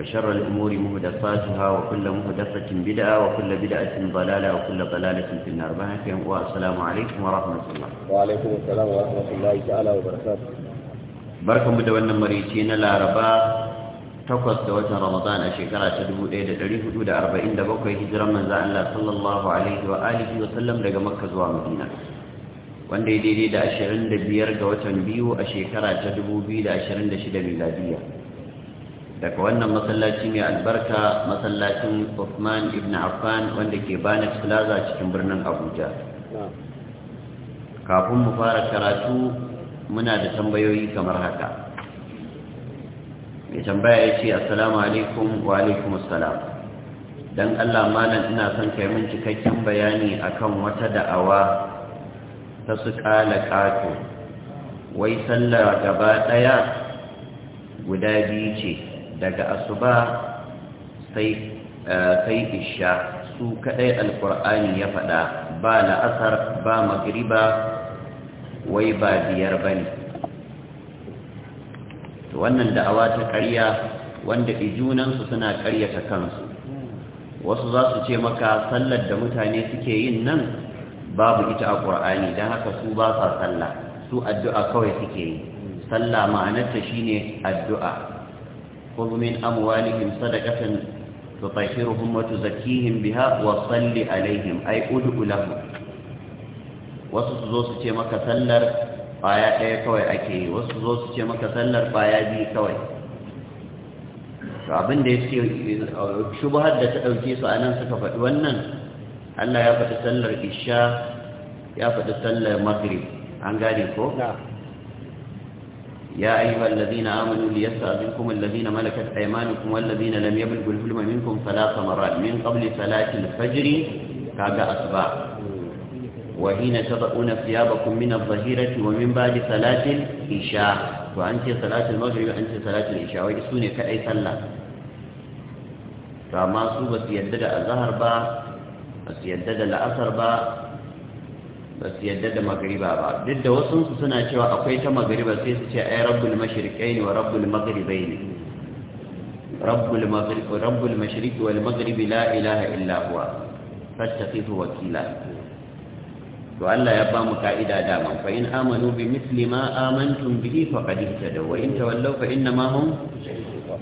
وشر الأمور مهدفاتها وكل مهدفة بدعة وكل بدعة ضلالة وكل ضلالة في النار بهكم والسلام عليكم ورحمة الله وعليكم السلام ورحمة الله تعالى وبركاته بركم بدونا مريتين العرباء takwas da watan Ramadan a shekara ta 1447 hijiran manzo Allah sallallahu alaihi wa alihi wa sallam daga Makka zuwa Madina wanda ya daidai da 25 ga watan biyu a shekara ta 2026 miladiya daga wannan masallaci mai albarka masallacin Uthman ibn Affan wanda ke bani Plaza cikin birnin Abuja kafin mu fara karatu muna da tambayoyi kamar haka mai tambaya ya ce assalamu alaikum wa alaikum assalam don Allah malam ina son kai mun cikakken bayani akan wata da'awa ta su kala kato wai sallah gaba ɗaya guda biyu ce daga asuba sai eh, sai isha su kadai Alƙur'ani ya faɗa ba la'asar ba magriba wai ba biyar bane to wannan da'awa ta ƙarya wanda ijunansu suna ƙaryata kansu wasu za su ce maka sallar da mutane suke yin nan babu ita a ƙur'ani don haka su ba sa sallah su addu'a kawai suke yi sallah ma'anarta shine addu'a خذ من أموالهم صدقة تطهرهم وتزكيهم بها وصل عليهم أي أدعو لهم wasu su zo su ce maka sallar baya ɗaya kawai ake yi wasu su zo su ce maka sallar baya biyu kawai to abin da ya ce shubuhar da ta ɗauke su a nan suka faɗi wannan Allah ya faɗi sallar isha ya faɗi sallar maghrib an gane ko? يا أيها الذين آمنوا ليستأذنكم الذين ملكت أيمانكم والذين لم يبلغوا الحلم منكم ثلاث مرات من قبل صلاة الفجر كاد أصبع وحين تضعون ثيابكم من الظهيرة ومن بعد صلاة العشاء وأنت صلاة المغرب وأنت صلاة العشاء ويسوني كأي صلاة فما صوبت يدد الظهر با يدد الأثر با ba su yadda da magariba ba duk da wasu su suna cewa akwai ta magariba sai su ce ai rabbul mashriqai ne wa rabbul maghribai ne rabbul maghrib rabbul mashriq wal maghrib la ilaha illa huwa fattaqihu wakila to Allah ya ba mu ka'ida da man fa in amanu bi misli ma amantum bihi faqad ihtadaw wa in tawallaw fa inna ma hum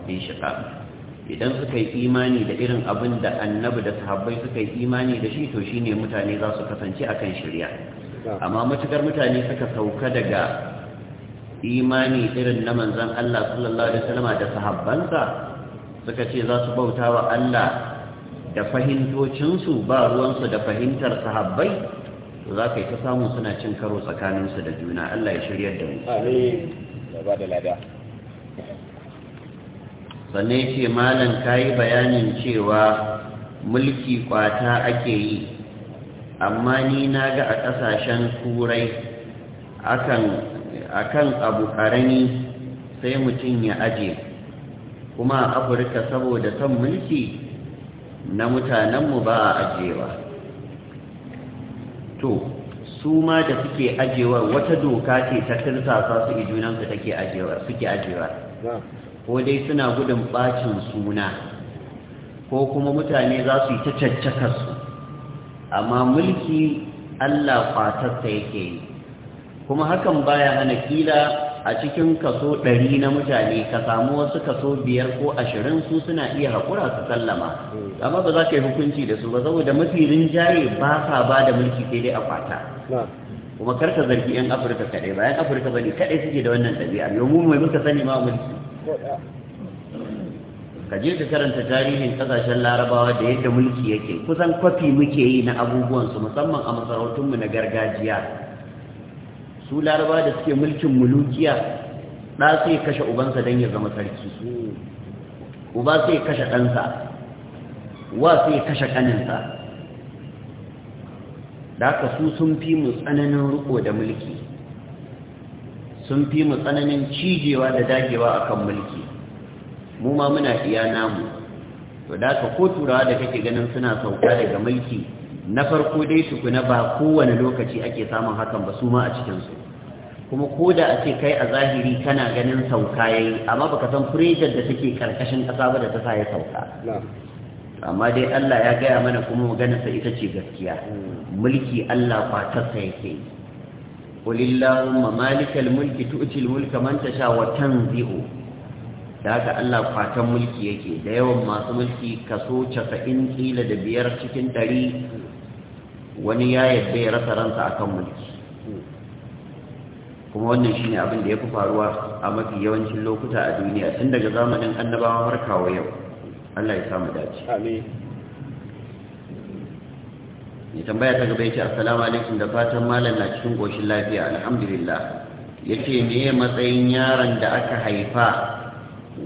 fi shiqaq idan suka yi imani da irin abin da annabi da sahabbai suka yi imani da shi to shine mutane za su kasance kan shirya amma matukar mutane suka sauka daga imani irin na manzon Allah sallallahu alaihi wasallam da sahabbansa suka ce za su bauta wa Allah da fahimtocinsu ba ruwansu da fahimtar sahabbai za ka yi ta samu suna cin karo tsakaninsu da juna Allah ya shirya da mu amin sannan ce malam ka yi bayanin cewa mulki kwata ake yi amma ni na ga a ƙasashen turai akan abu ƙarami sai mutum ya aje kuma a afirka saboda son mulki na mutanenmu ba a ajewa to su ma da suke ajewa wata doka ce ta tirsasa su ijunansu take ajewa suke ajewa ko dai suna gudun bacin suna ko kuma mutane za su yi ta caccakar su amma mulki Allah kwatarsa yake yi kuma hakan baya hana kila a cikin kaso ɗari na mutane ka samu wasu kaso biyar ko ashirin su suna iya haƙura su sallama amma ba za ka yi hukunci da su ba saboda mafi rinjaye ba sa ba da mulki sai dai a kwata kuma karka zargi 'yan afirka kaɗai ba 'yan afirka ba ne kaɗai suke da wannan ɗabi'a, yau mu mai muka sani ma mulki ka je ka karanta tarihin kasashen larabawa da yadda mulki yake kusan kwafi muke yi na abubuwansu musamman a masarautunmu na gargajiya su laraba da suke mulkin mulukiya ɗa sai kashe ubansa don ya zama sarki uba sai kashe ɗansa wa sai kashe ƙaninsa da ka su sun fi mu tsananin riko da mulki sun fi mu tsananin cijewa da dagewa akan mulki mu ma muna iya namu to da ka ko turawa da kake ganin suna sauka daga mulki na farko dai tukuna ba kowane lokaci ake samun hakan ba su ma a cikinsu kuma ko da a ce kai a zahiri kana ganin sauka ya yi amma baka san furejar da take karkashin ƙasa ba da ta sa ya sauka amma dai Allah ya gaya mana kuma maganarsa ita ce gaskiya hmm. mulki Allah kwatarsa yake yi قل اللهم مالك الملك تؤتي الملك من تشاء وتنزع da haka Allah fatan mulki yake da yawan masu mulki kaso 90 kila da biyar cikin 100 wani ya yadda ya rasa ransa akan mulki kuma wannan shine abin da ya fi faruwa a mafi yawancin lokuta a duniya tun daga zamanin annabawa har kawo yau Allah ya samu dace amin mai tambaya ta gaba yace assalamu alaikum da fatan malam na cikin goshin lafiya alhamdulillah yace me matsayin yaron da aka haifa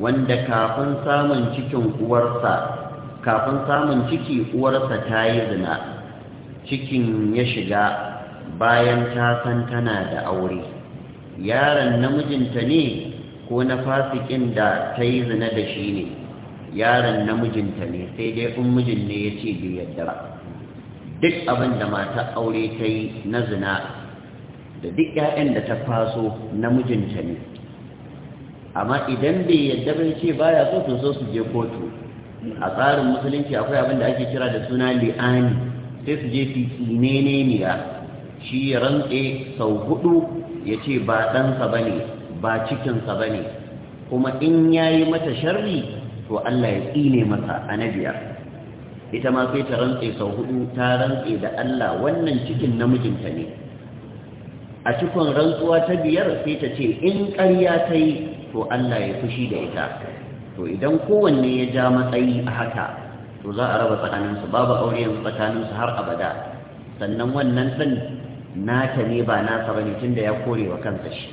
wanda kafin samun cikin uwarsa kafin samun ciki uwarsa ta yi zina cikin ya shiga bayan ta san tana da aure yaron namijinta ne ko na fasikin da ta yi zina da shi ne yaron namijinta ne sai dai in mijin ne ya ce bai yadda duk abin da mata aure ta yi na zina da duk 'ya'yan da ta faso na mijinta ne amma idan bai yadda bai ce baya so to so su je kotu a tsarin musulunci akwai abin da ake kira da suna li'ani sai su je fitine ne niya shi ya rantse sau hudu ya ce ba ɗansa ba ne ba cikinsa ba ne kuma in ya yi mata sharri to Allah ya tsine masa a na biyar ita ma sai ta rantse sau hudu ta rantse da Allah wannan cikin namijinta ne a cikon rantsuwa ta biyar sai ta ce in ƙarya ta yi to Allah ya fushi da ita to idan kowanne ya ja matsayi a haka to za a raba tsakaninsu babu aure yanzu tsakaninsu har abada sannan wannan ɗin nata ne ba nasa bane tunda ya kore wa kansa shi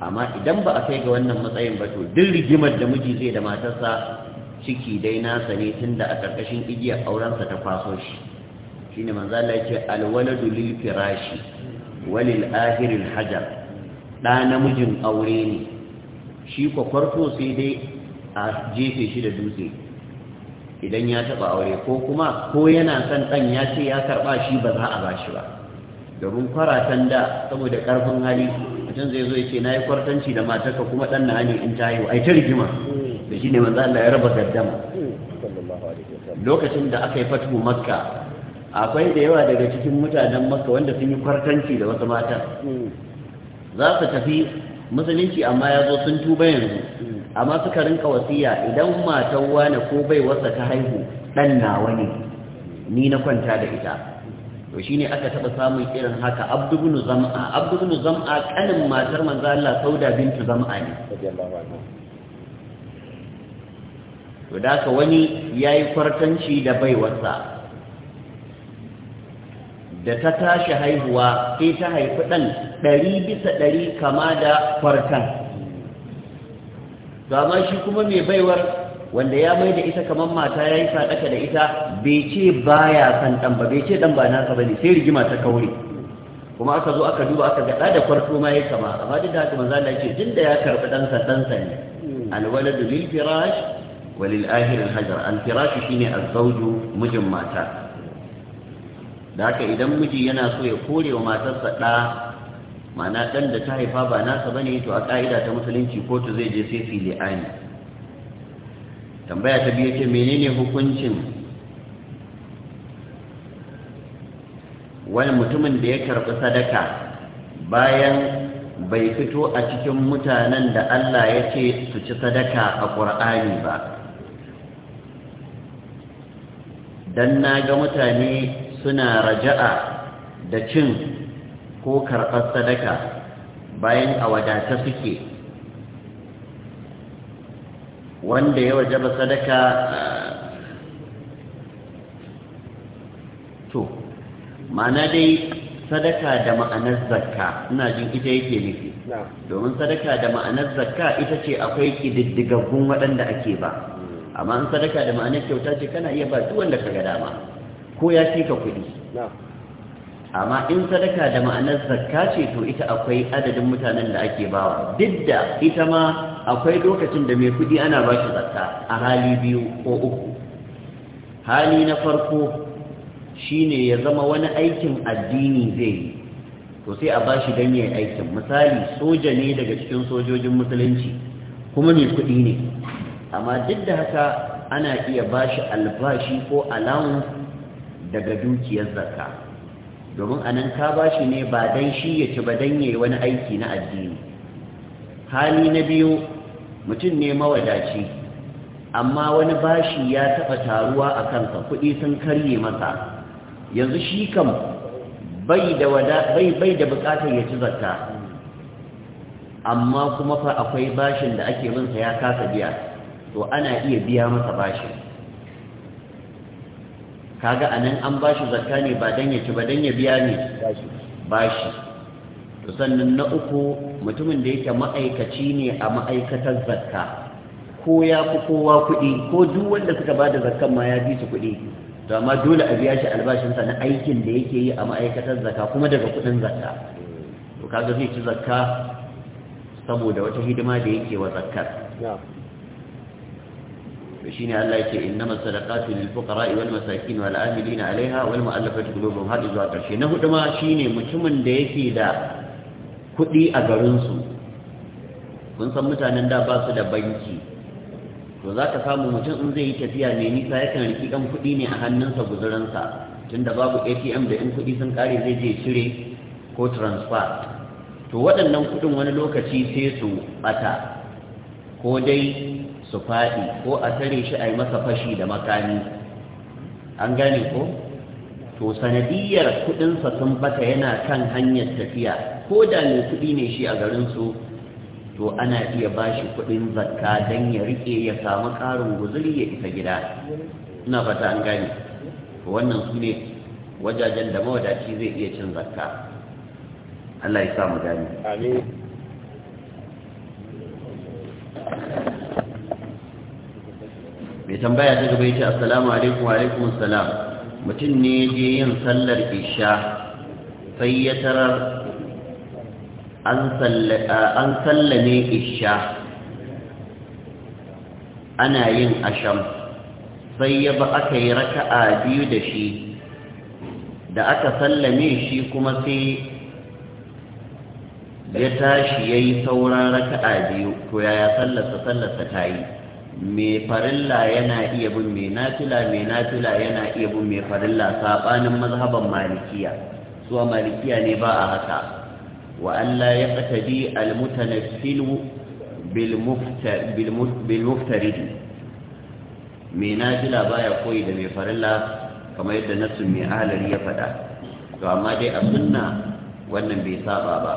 amma idan ba a kai ga wannan matsayin ba to duk rigimar da miji zai da matarsa ciki dai nasa ne tun da a ƙarƙashin igiyar aurensa ta kwaso shi Shi ne Allah yace alwaladu lil firashi walil ahirin hajar da namijin aure ne shi kwakwarto sai dai a jefe shi da dutse idan ya taɓa aure ko kuma ko yana son ɗan ya ce ya karba shi ba za a shi ba domin kwaratan da saboda karfin hali mutum zai zo ya ce na yi kwartanci da matarka kuma ɗan na ne in ta haihu ai ta rigima shi ne manzo Allah ya raba gaddama lokacin da aka yi fatu makka akwai da yawa daga cikin mutanen makka wanda sun yi kwartanci da wasu mata hmm. za su tafi musulunci amma ya zo sun tuba yanzu hmm. amma suka rinka wasiya idan matan wani ko bai wasa ta haihu dan nawa ne ni na kwanta da ita to shine aka taba samun irin haka abdu ibn zam'a abdu ibn zam'a kanin matar manzo Allah sauda bintu zam'a ne to da haka wani ya yi kwartanci da baiwarsa da ta tashi haihuwa sai ta haifi ɗan ɗari bisa ɗari kama da kwartan zama shi kuma mai baiwar wanda ya mai da ita kamar mata ya yi sadaka da ita bai ce ba ya san ɗan ba bai ce ɗan ba nasa ba ne sai rigima ta kauri. kuma aka zo aka duba aka gaɗa da kwarto ma ya kama amma duk da haka ya ce duk da ya karɓi ɗansa ɗansa ne hmm. alwaladu lil firash walil ahirin hajar alfirashi shine azzauju mijin mata da haka idan miji yana so ya kore wa matarsa ɗa ma'ana ɗan da ta haifa ba nasa bane to a ƙa'ida ta musulunci kotu zai je sai su tambaya ta biyu ce menene hukuncin wani mutumin da ya karɓi sadaka bayan bai fito a cikin mutanen da Allah ya ce su ci sadaka a ƙur'ani ba dan na ga mutane suna raja'a da cin ko karɓar sadaka bayan a wadata suke wanda ya wajaba sadaka to ma'ana dai sadaka da ma'anar zakka ina jin ita yake nufi domin sadaka da ma'anar zakka ita ce akwai ƙididdigaggun waɗanda ake ba amma an sadaka da ma'anar kyauta ce kana iya ba duk wanda ka ga dama ko ya ce ka kuɗi amma in sadaka da ma'anar zakka ce to ita akwai adadin mutanen da ake bawa duk da ita ma akwai lokacin da mai kuɗi ana ba shi zakka a hali biyu ko uku hali na farko shine ya zama wani aikin addini zai yi to sai a bashi don yayin aikin misali soja ne daga cikin sojojin musulunci kuma mai kuɗi ne amma duk da haka ana iya ba shi albashi ko alamu daga dukiyar zakka domin anan ka ba shi ne ba dan shi ya ci ba dan yayi wani aiki na addini hali na biyu mutum ne mawadaci amma wani bashi ya taɓa taruwa a kansa kuɗi sun karye masa yanzu shi kam bai da buƙatar ya ci zakka amma kuma fa akwai bashin da ake sa ya kasa biya to ana iya biya masa bashi kaga anan an bashi zakka ne ba dan ya ba dan ya biya ne bashi to sannan na uku mutumin da yake ma'aikaci ne a ma'aikatar zakka ko ya fi kowa kuɗi ko duk wanda suka ba da zakkan ma ya fi su kuɗi to amma dole a biya shi albashinsa na aikin da yake yi a ma'aikatar zakka kuma daga kuɗin zakka to kaga zai ci zakka saboda wata hidima da yake wa zakkar shine Allah yake innama sadaqatu lil fuqara wal masakin wal amilina alaiha wal mu'allafati qulubuhum har zuwa karshe na hudu ma shine mutumin da yake da kuɗi a garin su kun san mutanen da ba su da banki to zaka samu mutum in zai yi tafiya mai nisa yakan riki dan kuɗi ne a hannunsa guzuransa tunda babu ATM da in kuɗi sun kare zai je cire ko transfer to waɗannan kuɗin wani lokaci sai su bata ko dai su faɗi ko a tare shi a yi masa fashi da makami an gane ko to sanadiyar kuɗinsa sun bata yana kan hanyar tafiya ko da mai kuɗi ne shi a garinsu to ana iya ba shi kuɗin zakka don ya riƙe ya samu ƙarin guzuri ya isa gida ina fata an gane to wannan su ne wajajen da mawadaci zai iya cin zakka Allah ya sa mu gane amin tambaya ta gaba yace assalamu alaikum wa alaikum assalam mutum ne je yin sallar isha sai ya tarar an sallame isha ana yin asham sai ya ba aka yi raka'a biyu da shi da aka sallame shi kuma sai ya tashi ya yi sauran raka'a biyu to yaya sallarsa sallarsa ta yi mai farilla yana iya bin mai nafila mai yana iya bin mai farilla saɓanin mazhaban malikiya suwa malikiya ne ba a haka wa Allah ya qatadi almutanaffilu bil mai nafila baya koyi da mai farilla kamar yadda nasu mai ahalari ya faɗa to amma dai a sunna wannan bai saba ba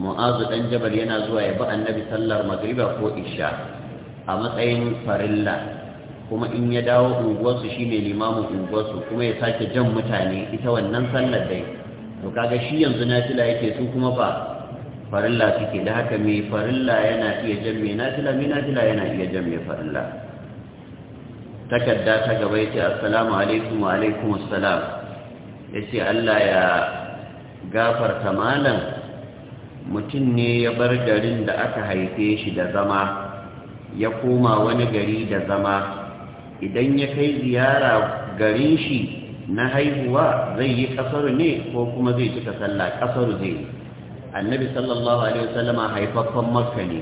mu'azu dan jabal yana zuwa ya bi annabi sallar magriba ko isha a matsayin farilla kuma in ya dawo unguwarsu shi ne limamin unguwarsu kuma ya sake jan mutane ita wannan sallar dai to kaga shi yanzu nafila yake su kuma ba farilla suke da haka mai farilla yana iya jan mai nafila mai nafila yana iya jan mai farilla takarda ta gaba yace assalamu alaikum wa alaikum assalam yace Allah ya gafarta malam mutum ne ya bar garin da aka haife shi da zama ya koma wani gari da zama idan ya kai ziyara garin shi na haihuwa zai yi kasar ne ko kuma zai cika sallah kasar zai yi annabi sallallahu alaihi wasallama haifaffen makka ne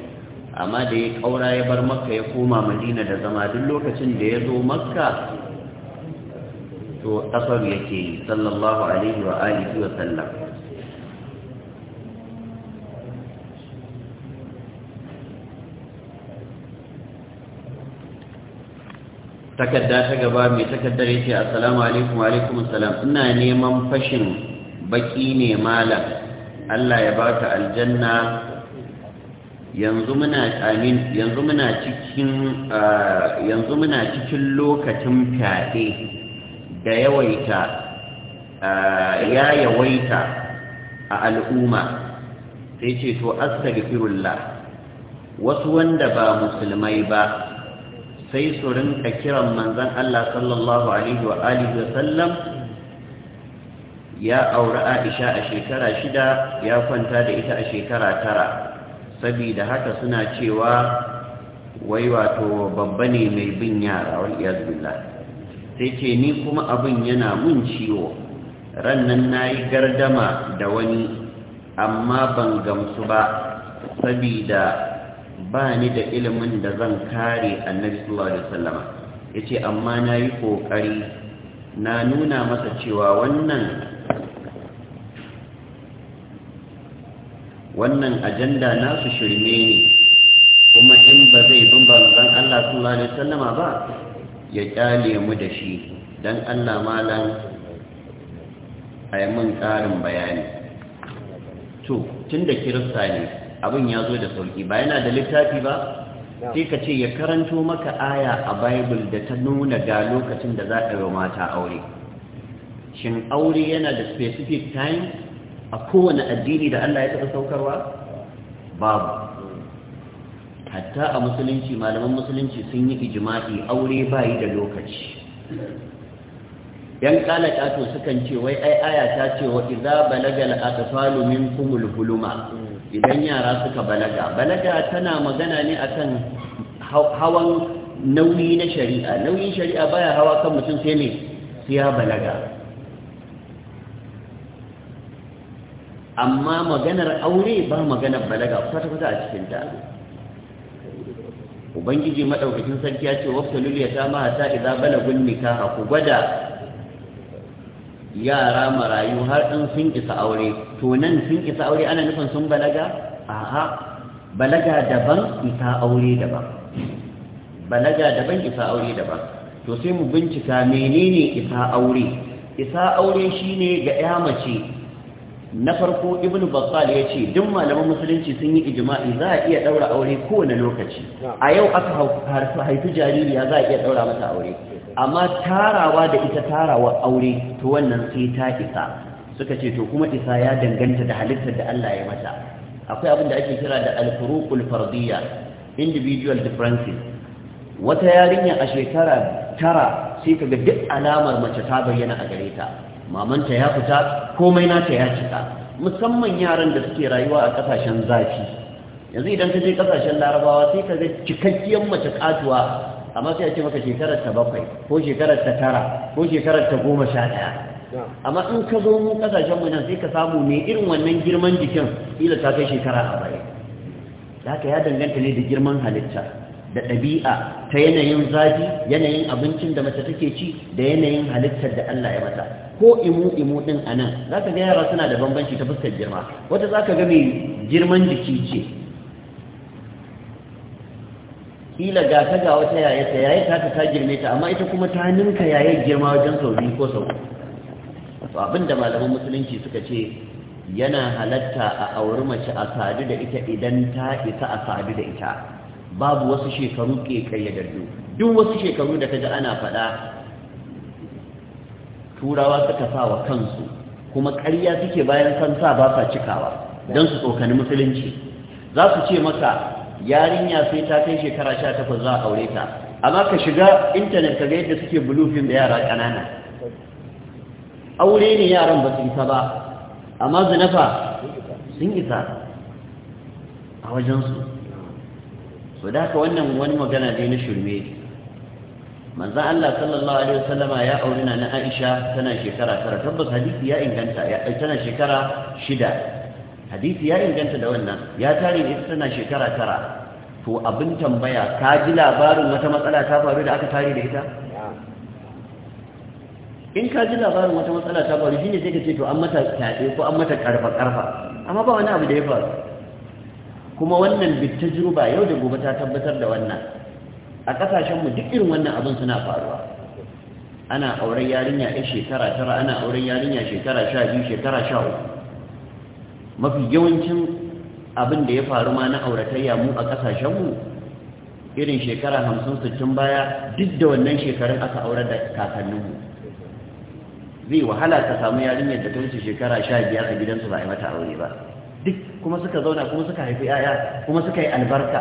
amma da ya kaura ya bar makka ya koma madina da zama duk lokacin da ya zo makka to kasar yake yi sallallahu alaihi wa alihi wa sallam takarda ta gaba mai takardar ya ce assalamu alaikum alaikum assalam ina neman fashin baki ne malam Allah ya ba ta aljanna yanzu muna cikin yanzu muna cikin lokacin fyaɗe da yawaita ya yawaita a al'umma sai ce to astaghfirullah wasu wanda ba musulmai ba sai su rinka kiran manzon Allah sallallahu alaihi wa alihi ya aure Aisha a shekara shida ya kwanta da ita a shekara tara saboda haka suna cewa wai wato babba ne mai bin yara wal iyad sai ce ni kuma abin yana mun ciwo rannan nayi gardama da wani amma ban gamsu ba saboda ba ni da ilimin da zan kare annabi sallallahu alaihi wasallama yace amma nayi yi kokari na nuna masa cewa wannan wannan ajanda nasu shirme ne kuma in ba zai bin banzan Allah sallallahu alaihi wasallama ba ya kyale mu da shi dan Allah malam ayi mun karin bayani to tunda kirista ne abin ya zo da sauki ba yana da littafi ba sai ka ce ya karanto maka aya a bible da ta nuna ga lokacin da za a yi mata aure shin aure yana da specific time a kowane addini da Allah ya taɓa saukarwa babu hatta a musulunci malaman musulunci sun yi ijima'i aure bayi da lokaci yan kala kato sukan ce wai ai aya ta ce wa idza balagal atfalu minkumul huluma idan yara suka balaga balaga tana magana ne akan hawan nauyi na shari'a nauyin shari'a baya hawa kan mutum sai ne sai ya balaga amma maganar aure ba maganar balaga kwata-kwata a cikin ta ubangiji maɗaukacin sarki ya ce wafta ya ta ma ta idza balagun nikaha ku gwada yara marayu har in sun isa aure to nan sun isa aure ana nufin sun balaga aha balaga daban isa aure daban balaga daban isa aure daban to sai mu bincika menene isa aure isa aure shine ga ya mace na farko ibnu battal ya ce duk malaman musulunci sun yi ijma'i za a iya daura aure kowane lokaci a yau aka haifi jaririya za a iya daura mata aure amma tarawa da ita tarawar aure to wannan sai ta isa suka ce to kuma isa ya danganta da halittar da Allah ya mata akwai abin da ake kira da al-furuqul fardiyya individual differences wata yarinya a shekara tara sai kaga duk alamar mace ta bayyana a gare ta mamanta ya fita komai nata ya cika musamman yaran da suke rayuwa a kasashen zafi yanzu idan ka je kasashen larabawa sai kaga cikakkiyar mace katuwa amma sai a ce maka shekarar ta bakwai ko shekarar ta tara ko shekarar ta goma sha ɗaya amma in ka zo mu kasashen mu nan sai ka samu ne irin wannan girman jikin kila ta kai shekara arba'in da haka ya danganta ne da girman halitta da ɗabi'a ta yanayin zafi yanayin abincin da mace take ci da yanayin halittar da Allah ya mata ko imu imu din anan zaka ga yara suna da bambanci ta fuskar girma wata zaka ga mai girman jiki ce kila ga ta ga wata yayata, ta yaya ta ta girme ta amma ita kuma ta ninka yayin girma wajen sau biyu ko sau to abinda malaman musulunci suka ce yana halatta a auri mace a sadu da ita idan ta isa a sadu da ita babu wasu shekaru ke kayyadaddu duk wasu shekaru da kaji ana faɗa turawa suka sa wa kansu kuma ƙarya suke bayan san sa ba sa cikawa don su tsokani musulunci za su ce maka yarinya sai ta kai shekara sha takwas za a aure ta amma ka shiga intanet ka ga yadda suke bulufin da yara ƙanana aure ne yaran ba su isa ba amma zinafa sun isa a wajensu so da haka wannan wani magana dai na shirme manzo Allah sallallahu alaihi wasallama ya aure na Aisha tana shekara tara tabbas hadisi ya inganta ya tana shekara shida hadisi ya inganta da wannan ya tare da ita tana shekara tara to abin tambaya ka ji labarin wata matsala ta faru da aka tare da ita in ka ji labarin wata matsala ta faru shine sai ka ce to an mata tafe ko an mata karfa karfa amma ba wani abu da ya faru kuma wannan ba yau da gobe ta tabbatar da wannan a kasashen mu duk irin wannan abin suna faruwa ana auren yarinya a shekara tara ana auren yarinya shekara sha biyu shekara sha uku mafi yawancin abin da ya faru ma na auratayya mu a ƙasashenmu irin shekara hamsin sittin baya duk da wannan shekarun aka aurar da kakanninmu zai wahala ka samu yarinyar da ta wuce shekara sha biyar a gidansu ba a yi mata aure ba duk kuma suka zauna kuma suka haifi 'ya'ya kuma suka yi albarka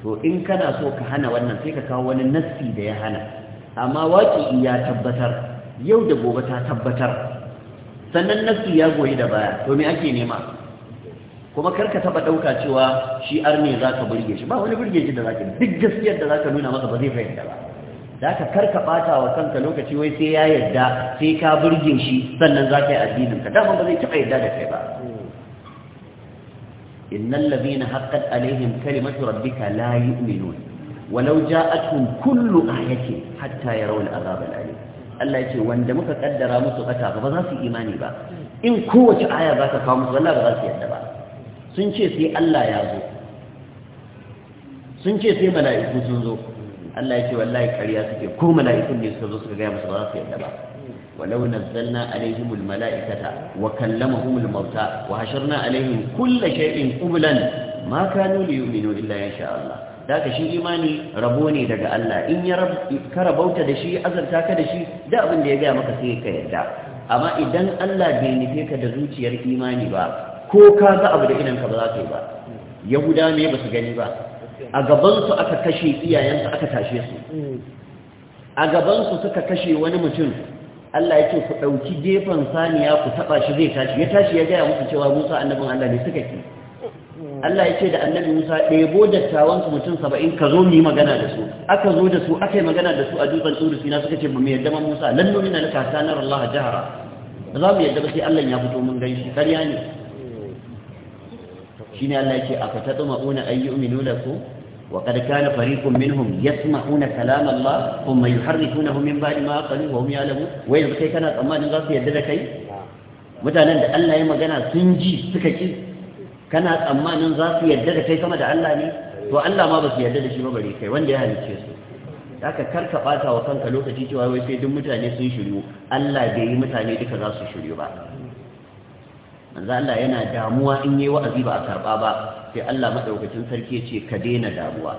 to in kana so ka hana wannan sai ka kawo wani nassi da ya hana amma waƙi ya tabbatar yau da gobe ta tabbatar sannan nassi ya goyi da baya domin ake nema kuma kar ka taba dauka cewa shi arne ka burge shi ba wani burge shi da zaka duk gaskiyar da zaka nuna masa ba zai fahimta ba da ka karka bata wa kanka lokaci wai sai ya yarda sai ka burge shi sannan zaka yi addinin ka dama ba zai taba yarda da kai ba innal ladhina haqqat alaihim kalimatu rabbika la yu'minun walau ja'atuhum kullu ayatin hatta yarawul azab al Allah ya ce wanda muka kaddara musu bata ba za su imani ba in kowace aya za ka kawo musu wallahi ba za su yadda ba sun ce sai Allah ya zo sun ce sai mala'iku sun zo Allah ya ce wallahi ƙarya suke ko mala'iku ne suka zo suka gaya musu ba za su yadda ba ولو نزلنا عليهم الملائكة وكلمهم الموتى وحشرنا عليهم كل شيء قبلا ما كانوا ليؤمنوا إلا illa شاء Allah. da ka shi imani rabo ne daga Allah in ya ka rabauta da shi azarta ka da shi da abin da ya gaya maka sai ka yarda amma idan Allah bai nufe ka da zuciyar imani ba ko ka ga abu da idan ka ba za ka yi ba yahuda ne ba su gani ba a gabansu aka kashe iyayensu aka tashe su a gabansu suka kashe wani mutum Allah ya ce ku ɗauki gefen saniya ku taɓa shi zai tashi ya tashi ya gaya musu cewa musa annabin Allah ne suka ke Allah ya ce da annabi Musa ɗebo dattawansu mutum saba'in ka zo mu yi magana da su aka zo da su aka yi magana da su a dutsen tsuru sina suka ce ba mu yadda Musa lan nuni na laka sanar Allah jahara ba za mu yadda ba sai Allah ya fito mun gaishe karya ne shine Allah ya ce a fata tuma una ayyuminu lakum wa qad kana fariqun minhum yasma'una kalam Allah thumma yuharrifunahu min ba'di ma qalu wa hum ya'lamun wai kai kana tsammanin za su yadda da kai mutanen da Allah ya magana sun ji suka ki kana tsammanin za su yarda da kai sama da Allah ne to Allah ma ba su yarda da shi ba bare kai wanda ya halicce su haka karka bata wa kanka lokaci cewa wai sai duk mutane sun shiryu Allah bai yi mutane duka za su shiryu ba manzo Allah yana damuwa in yayi wa'azi ba a karba ba sai Allah madaukakin sarki ya ce ka daina damuwa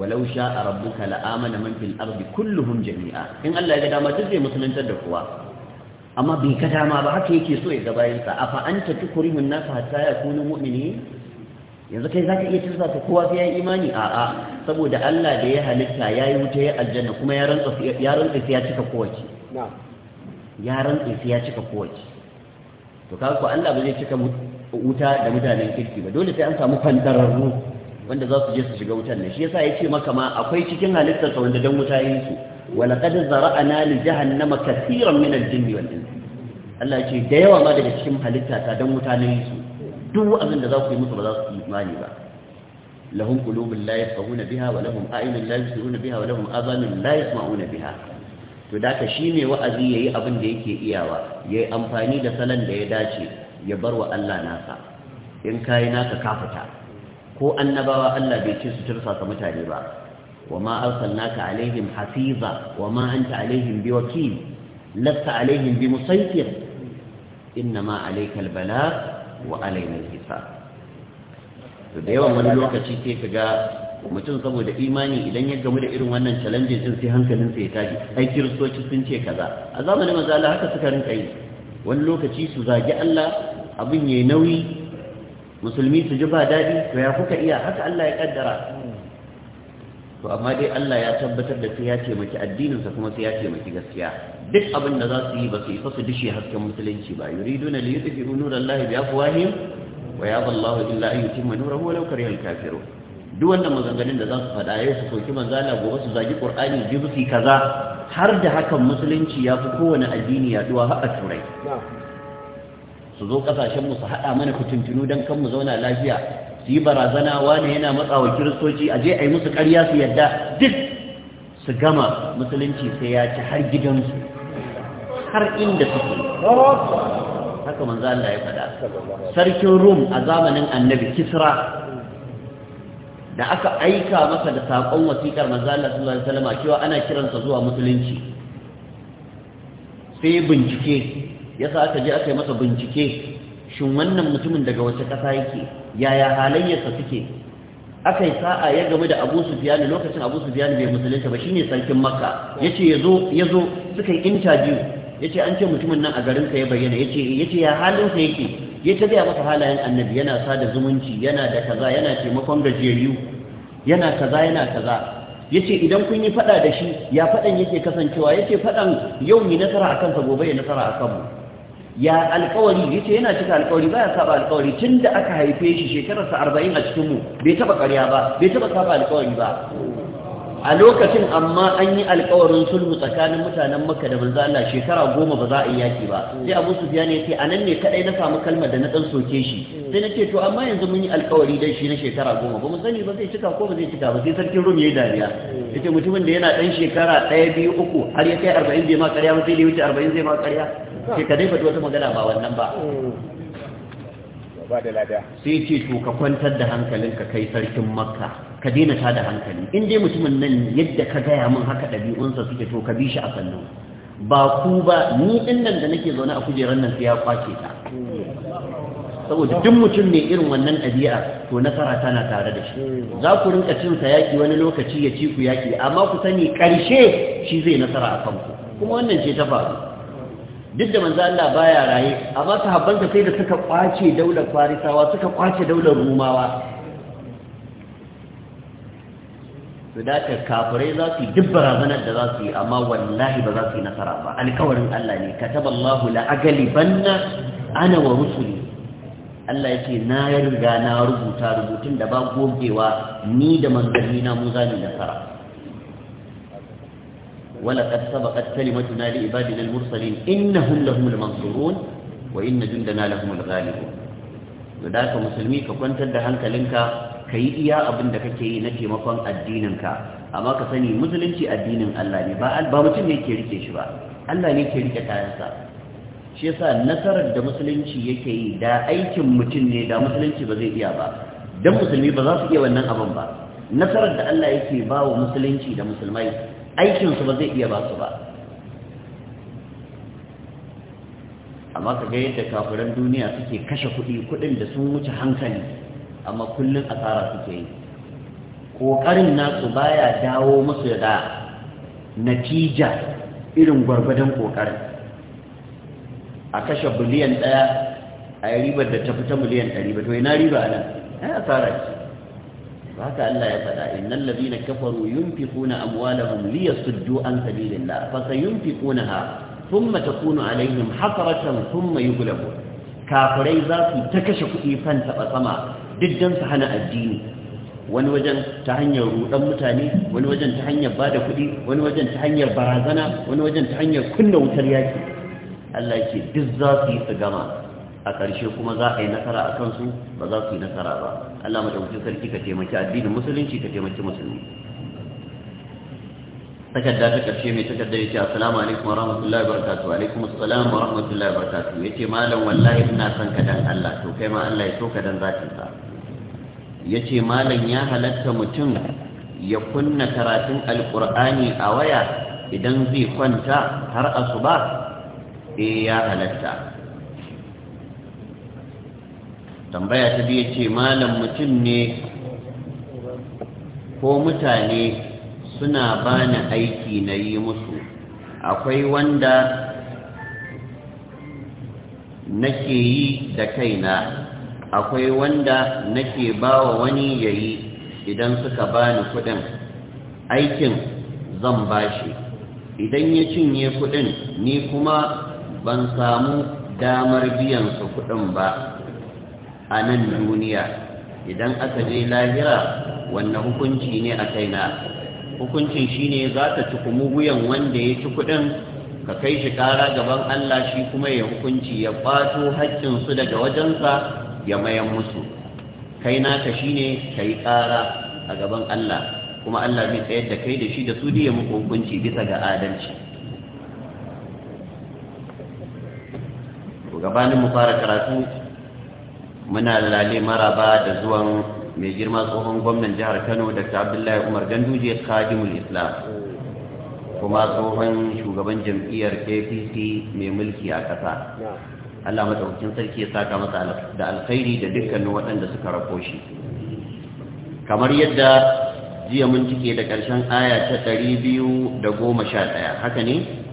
walau sha'a rabbuka la'amana man fil ardi kulluhum jami'a in Allah ya ga dama duk zai musuluntar da kowa amma bai ka dama ba haka yake so ya ga bayansa a fa anta tukrimun nasa hatta kunu mu'mini yanzu kai zaka iya tursa ka kowa sai ya imani a saboda Allah da ya halitta ya yi wuta ya aljanna kuma ya rantsa ya rantsa ya cika kowace ya rantsa ya cika kowace to kaga ko Allah ba zai cika wuta da mutanen kirki ba dole sai an samu fantararru wanda za su je su shiga wutan ne shi yasa ya ce maka ma akwai cikin halittarsa wanda dan wuta yin su ولقد ذرأنا لجهنم كثيرا من الجن والإنس Allah ce da yawa ma daga cikin halitta ta dan wuta su duk abin da za ku yi musu ba za su yi imani ba lahum qulubun la yafqahuna biha wa lahum a'yunun la yusiruna biha wa lahum adhanun la yasma'una biha to da ka shine wa'azi yayi abin da yake iyawa yayi amfani da salon da ya dace ya bar wa Allah nasa in kai naka kafata. ko annabawa Allah bai ce su tursa ka mutane ba وما أرسلناك عليهم حفيظا وما أنت عليهم بوكيل لست عليهم بمسيطر إنما عليك البلاء وعلينا الحساب da yawan wani lokaci sai ga mutum saboda imani idan ya gamu da irin wannan challenge din sai hankalin hankalinsa ya tashi ai kiristoci sun ce kaza a zamanin manzo Allah haka suka rinka yi wani lokaci su zagi Allah abin yayi nauyi musulmi su ji ba dadi to ya kuka iya haka Allah ya kaddara to amma dai Allah ya tabbatar da sai ya taimaki addininsa kuma sai ya taimaki gaskiya duk abin da za su yi ba su isa su dishe hasken musulunci ba yuriduna li yutfi'u nurallahi bi afwahihim wa yaba illa an yutimma nurahu walau karihal kafirun duk wanda maganganun da za su faɗa yau su soki manzala gobe su zagi qur'ani bi su kaza har da hakan musulunci ya fi kowane addini yaduwa har a turai su zo kasashen mu su haɗa mana fitintunu don kan mu zauna lafiya su yi barazana wani yana matsawa kiristoci a je a yi musu ƙarya su yadda duk su gama musulunci sai ya ci har gidansu har inda suke haka manzo Allah ya faɗa sarkin Rum a zamanin Annabi Kisra da aka aika masa da saƙon wasiƙar manzo Allah sallallahu alaihi wasallam cewa ana kiransa zuwa musulunci sai bincike yasa aka je aka yi masa bincike shin wannan mutumin daga wace ƙasa yake yaya halayyarsa suke aka yi sa'a ya game da abu sufiyani lokacin abu sufiyani bai musulunta ba shine sarkin makka ya ce ya zo suka yi intabiyu ya ce an ce mutumin nan a garin ka ya bayyana ya ce ya halinsa yake ya ta masa halayen annabi yana sada zumunci yana da kaza yana taimakon gajeriyu yana kaza yana kaza ya ce idan kun yi faɗa da shi ya faɗan yake kasancewa ya ce faɗan yau yi nasara a kansa gobe ya nasara a kanmu ya alkawari yace yana cika alkawari baya saba alƙawari. tunda aka haife shi shekararsa 40 a cikin mu bai taba ƙarya ba bai taba saba alkawari ba a lokacin amma an yi alkawarin sulhu tsakanin mutanen Makka da manzo Allah shekara goma ba za a yi yaki ba sai Abu Sufyan a anan ne kadai na samu kalmar da na dan soke shi sai nace to amma yanzu mun yi alkawari dan shi na shekara goma, ba mu sani ba zai cika ko ba zai cika ba sai sarkin Rum yayi dariya yace mutumin da yana dan shekara 1 2 3 har ya kai 40 bai ma ƙarya ba sai da 40 zai ma ƙarya ke ka dai wata magana ba wannan ba ba da lada sai ce to ka kwantar da hankalinka kai sarkin makka ka daina ta da hankali in dai mutumin nan yadda ka gaya min haka ɗabi'unsa suke to ka bi shi a sannu ba ku ba ni ɗin nan da nake zaune a kujerar nan sai ya kwace ta saboda duk mutum ne irin wannan ɗabi'a to nasara tana tare da shi za ku rinka cin sa yaki wani lokaci ya ci ku yaki amma ku sani ƙarshe shi zai nasara a kanku kuma wannan ce ta faru duk da manzo Allah baya raye amma sahabbansa sai da suka kwace daular farisawa suka kwace daular rumawa su dace kafirai za su yi duk barazanar da za su yi amma wallahi ba za su yi nasara ba alkawarin Allah ne kataba Allahu la agalibanna ana wa rusuli Allah yake na riga na rubuta rubutun da ba gogewa ni da manzanni na mu za nasara ولقد سبقت كلمتنا لعبادنا المرسلين na لهم المنصورون وان جندنا musulmi ka kwantar da فكنت ka لنك iya يا ابن دكتي نجي مقام الدينك amma ka sani musulunci addinin Allah ne ba ba ne yake rike shi ba Allah ne yake rike kayansa shi yasa nasarar da musulunci yake yi da aikin mutum ne da musulunci ba zai iya ba dan musulmi ba za su iya wannan abin ba nasarar da Allah yake ba wa musulunci da musulmai aikinsu ba zai iya ba su ba amma ka ga yadda kafiran duniya suke kashe kuɗi kuɗin da sun wuce hankali amma kullum asara suke yi ƙoƙarin nasu baya dawo masu da natija irin gwargwadon ƙoƙarin a kashe biliyan ɗaya a yi ribar da ta fita miliyan ɗari ba to na riba nan ya asara ce haka Allah ya faɗa innal ladina kafaru yunfiquna amwalahum liyasuddu an sabilillah fa sayunfiqunaha thumma takunu alaihim hasratan thumma yughlabun kafirai za su ta kashe kuɗi fan taɓa sama duk don su hana addini wani wajen ta hanyar ruɗan mutane wani wajen ta hanyar ba da kuɗi wani wajen ta hanyar barazana wani wajen ta hanyar kunna wutar yaki Allah ce duk za su yi su gama a ƙarshe kuma za a yi nasara a kansu ba za su yi nasara ba Allah madaukakin sarki ka taimaki addinin musulunci ka taimaki musulmi takarda ta ƙarshe mai takarda ya ce assalamu alaikum wa rahmatullahi wa barakatuhu alaikum assalam wa rahmatullahi wa barakatuhu ya ce malam wallahi ina son ka dan Allah to kai ma Allah ya so ka dan zakin sa ya ce malam ya halatta mutum ya kunna karatun alƙur'ani a waya idan zai kwanta har asuba eh ya halatta tambaya ta biya ce malam mutum ne ko mutane suna bani aiki na yi musu akwai wanda nake yi da kaina akwai wanda nake wa wani yayi idan suka bani kudin aikin zan bashi idan ya cinye kudin ni kuma ban samu damar biyan su kudin ba a nan duniya idan aka je lahira wannan hukunci ne a kaina hukuncin shine za ka ci kuma wuyan wanda ya ci kuɗin ka kai shi kara gaban Allah shi kuma ya hukunci ya ƙwato haƙƙinsu daga wajensa ya mayan musu kai naka shine ka yi ƙara a gaban Allah kuma Allah zai tsayar da kai da shi da su ya muku hukunci bisa ga adalci gabanin mu fara karatu muna lalle maraba da zuwan mai girma tsohon gwamnan jihar kano dr abdullahi umar ganduje khadimul islam kuma tsohon shugaban jam'iyyar apc mai mulki a ƙasa allah matsaukin sarki ya saka masa da alkhairi da dukkanin waɗanda suka rako shi kamar yadda jiya mun cike da ƙarshen aya ta ɗari biyu da goma sha ɗaya haka ne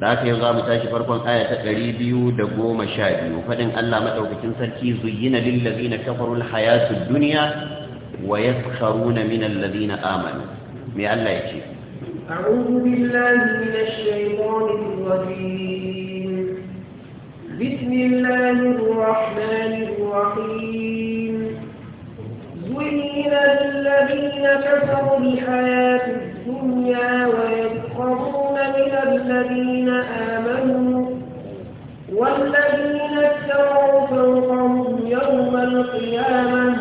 da haka yanzu za mu tashi farkon aya ta ɗari biyu da goma sha biyu faɗin Allah maɗaukakin sarki zuyyina lillazina kafaru alhayatud dunya wa yaskharuna min allazina amanu me Allah yake أعوذ بالله من الشيطان الرجيم بسم الله الرحمن الرحيم زين للذين كفروا الحياة الدنيا ويسخرون من الذين آمنوا والذين اتقوا فوقهم يوم القيامة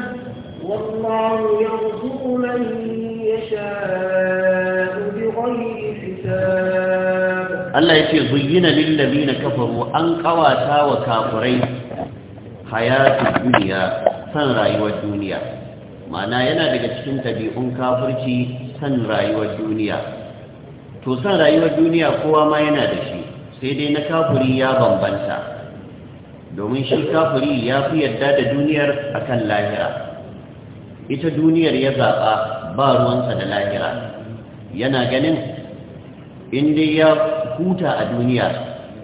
والله يرزق من يشاء بغير حساب الله يتي زين للذين كفروا أن قواتا كافرين حياة الدنيا سنرى رأيوا الدنيا ma'ana yana daga cikin ɗabi'un kafirci san rayuwar duniya to san rayuwar duniya kowa ma yana da shi sai dai na kafuri ya bambanta domin shi kafuri ya fi yarda da duniyar akan lahira ita duniyar ya zaɓa ba ruwansa da lahira yana ganin in dai ya huta a duniya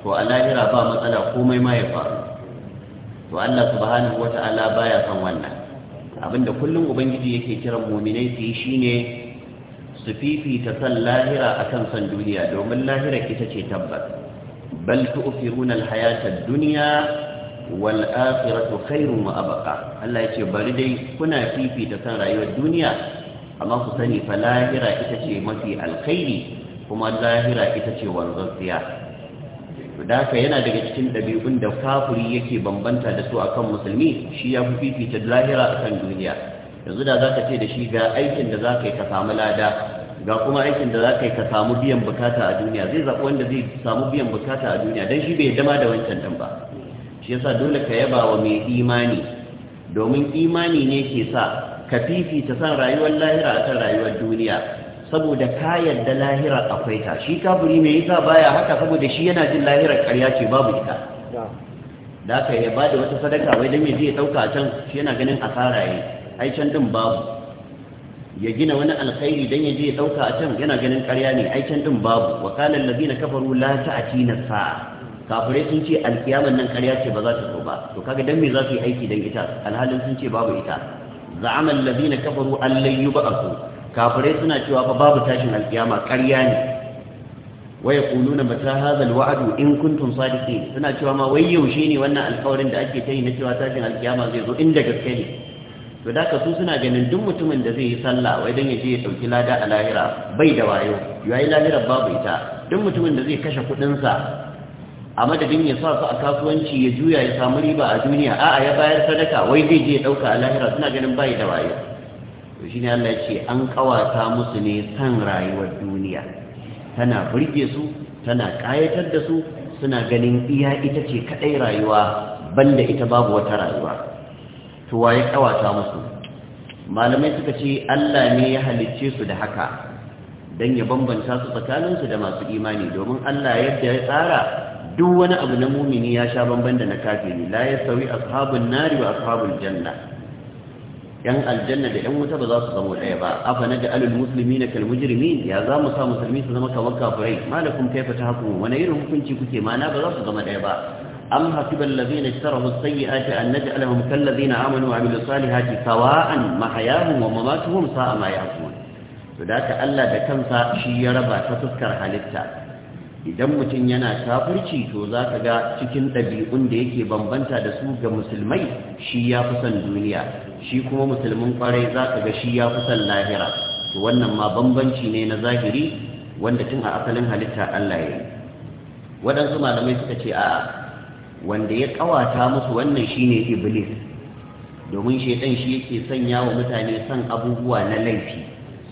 to a lahira ba matsala komai ma ya faru to Allah subhanahu wata'ala baya son wannan abinda kullum ubangiji yake kiran muminai su yi shine su fifita san lahira akan san duniya domin lahira ita ce tabbas bal tu'thiruna al-hayata ad wal akhiratu khairun wa abqa Allah ce bari dai kuna fifita san rayuwar duniya amma ku sani fa lahira ita ce mafi alkhairi kuma lahira ita ce wanzarciya da yana daga cikin ɗabi'un da kafuri yake bambanta da su akan musulmi shi ya fi fifita lahira akan duniya yanzu da za ka ce da shi ga aikin da za ka yi ka samu lada ga kuma aikin da za ka yi ka samu biyan bukata a duniya zai zaɓi wanda zai samu biyan bukata a duniya don shi bai dama da wancan ɗan ba shi yasa dole ka yaba wa mai imani domin imani ne ke sa ka fifita san rayuwar lahira a kan rayuwar duniya saboda ka yarda lahira akwai ta shi kafiri mai yasa baya haka saboda shi yana jin lahirar karya ce babu ita da ka ya da wata sadaka wai don ya je ya ɗauka a can shi yana ganin asara ya ai can din babu ya gina wani alkhairi dan ya je ya dauka a can yana ganin ƙarya ne aikin din babu wa qala allazina kafaru la ta'tina sa'a kafirai sun ce alkiyaman nan ƙarya ce ba za ta zo ba to kaga dan me za su yi aiki dan ita alhalin sun ce babu ita za'ama allazina kafaru an lan yub'athu kafirai suna cewa fa babu tashin alkiyama ƙarya ne wa yaquluna mata hadha alwa'du in kuntum sadiqin suna cewa ma wai yaushe ne wannan alƙawarin da ake ta yi na cewa tashin alkiyama zai zo inda gaske ne to da ka su suna ganin duk mutumin da zai yi sallah wai dan ya je ya dauki lada a lahira bai da wayo yayi lahira babu ita duk mutumin da zai kashe kudin sa a madadin ya sa su a kasuwanci ya juya ya samu riba a duniya a'a ya bayar sadaka wai zai je ya dauka a lahira suna ganin bai da wayo to shine Allah ya ce an kawata musu ne san rayuwar duniya tana burge su tana kayatar da su suna ganin iya ita ce kadai rayuwa banda ita babu wata rayuwa to waye kawata musu malamai suka ce Allah ne ya halicce su da haka dan ya bambanta su tsakaninsu da masu imani domin Allah yadda ya tsara duk wani abu na mumini ya sha bamban da na kafiri la yasawi ashabun nari wa ashabul janna yan aljanna da yan wuta ba za su zama ɗaya ba afa na ja'alul musulmi na kalmujirmi ya za mu sa musulmi su zama kamar kafirai malakum kaifa ta hukumu wani irin hukunci kuke mana ba za su zama ɗaya ba أم حسب الذين اشتروا السيئات أن نجعلهم كالذين آمنوا وعملوا الصالحات سواء محياهم ومماتهم ساء ما يحكمون فذاك ألا ya شي ربا تتذكر حالتا idan mutum yana kafirci to za ka ga cikin ɗabi'un da yake bambanta da su ga musulmai shi ya fi son duniya shi kuma musulmin kwarai za ka ga shi ya fi son lahira to wannan ma bambanci ne na zahiri wanda tun a asalin halitta Allah ya yi waɗansu malamai suka ce a'a wanda ya kawata musu wannan shine iblis domin shaitan shi yake sanya wa mutane san abubuwa na laifi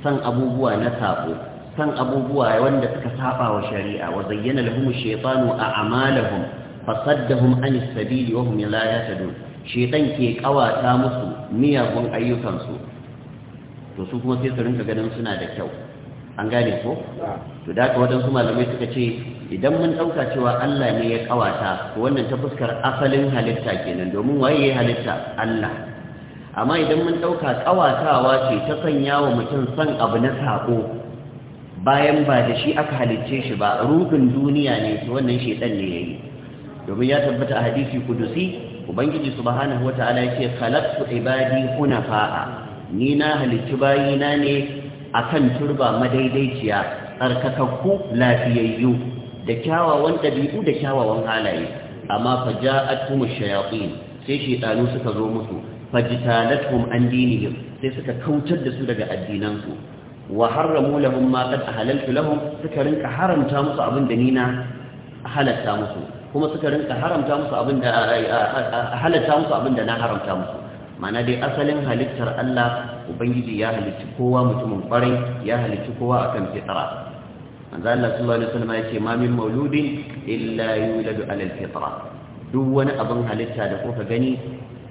san abubuwa na sabo san abubuwa wanda suka saba wa shari'a wa zayyana lahum shaytanu a'malahum fasaddahum an as-sabil wa hum la yahtadun shaitan ke kawata musu miyagun ayyukansu to su kuma sai su rinka ganin suna da kyau an gane ko to da ka wadansu malamai suka ce idan mun ɗauka cewa Allah ne ya ƙawata wannan ta fuskar asalin halitta kenan domin waye ya halitta Allah amma idan mun ɗauka ƙawatawa ce ta sanya wa mutum son abu na sako bayan ba da shi aka halicce shi ba rufin duniya ne wannan shaitan ne yayi domin ya tabbata a hadisi kudusi ubangiji subhanahu wataala ce khalaqtu ibadi hunafa'a ni na halicci bayina ne akan turba madaidaiciya tsarkakakku lafiyayyu da kyawawan dabi'u da kyawawan halaye amma fa ja'atuhum shayatin sai shaytanu suka zo musu fajtalathum an dinihim sai suka kautar da su daga addinansu wa harramu lahum ma qad halaltu lahum suka rinka haramta musu abin da ni na halatta musu kuma suka rinka haramta musu abin da halatta musu abin da na haramta musu mana dai asalin halittar Allah ubangiji ya halicci kowa mutumin kwarai ya halicci kowa akan fitra manzo Allah sallallahu alaihi wasallam yake ma min mauludin illa yuladu ala alfitra duk wani abin halitta da kuka gani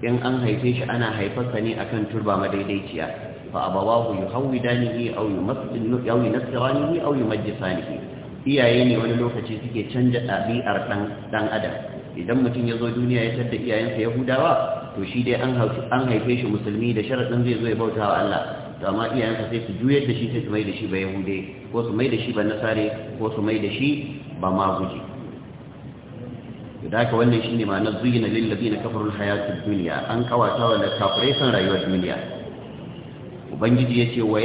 in an haife shi ana haifarsa ne akan turba madaidaiciya fa abawahu yuhawidanihi aw yumassilu aw yunasiranihi aw yumajjisanihi iyaye ne wani lokaci suke canja ɗabi'ar ɗan adam idan mutum ya zo duniya ya tadda iyayensa yahudawa to shi dai an haife shi musulmi da sharaɗin zai zo ya bauta wa Allah to amma iyayensa sai su juyar da shi sai su mai da shi ba yahude ko su mai da shi ba nasare ko su mai da shi ba ma guji da wannan shine ma na zuyina lil ladina kafaru al hayatud dunya an kawata wa kafirai san rayuwar duniya ubangiji ya ce wa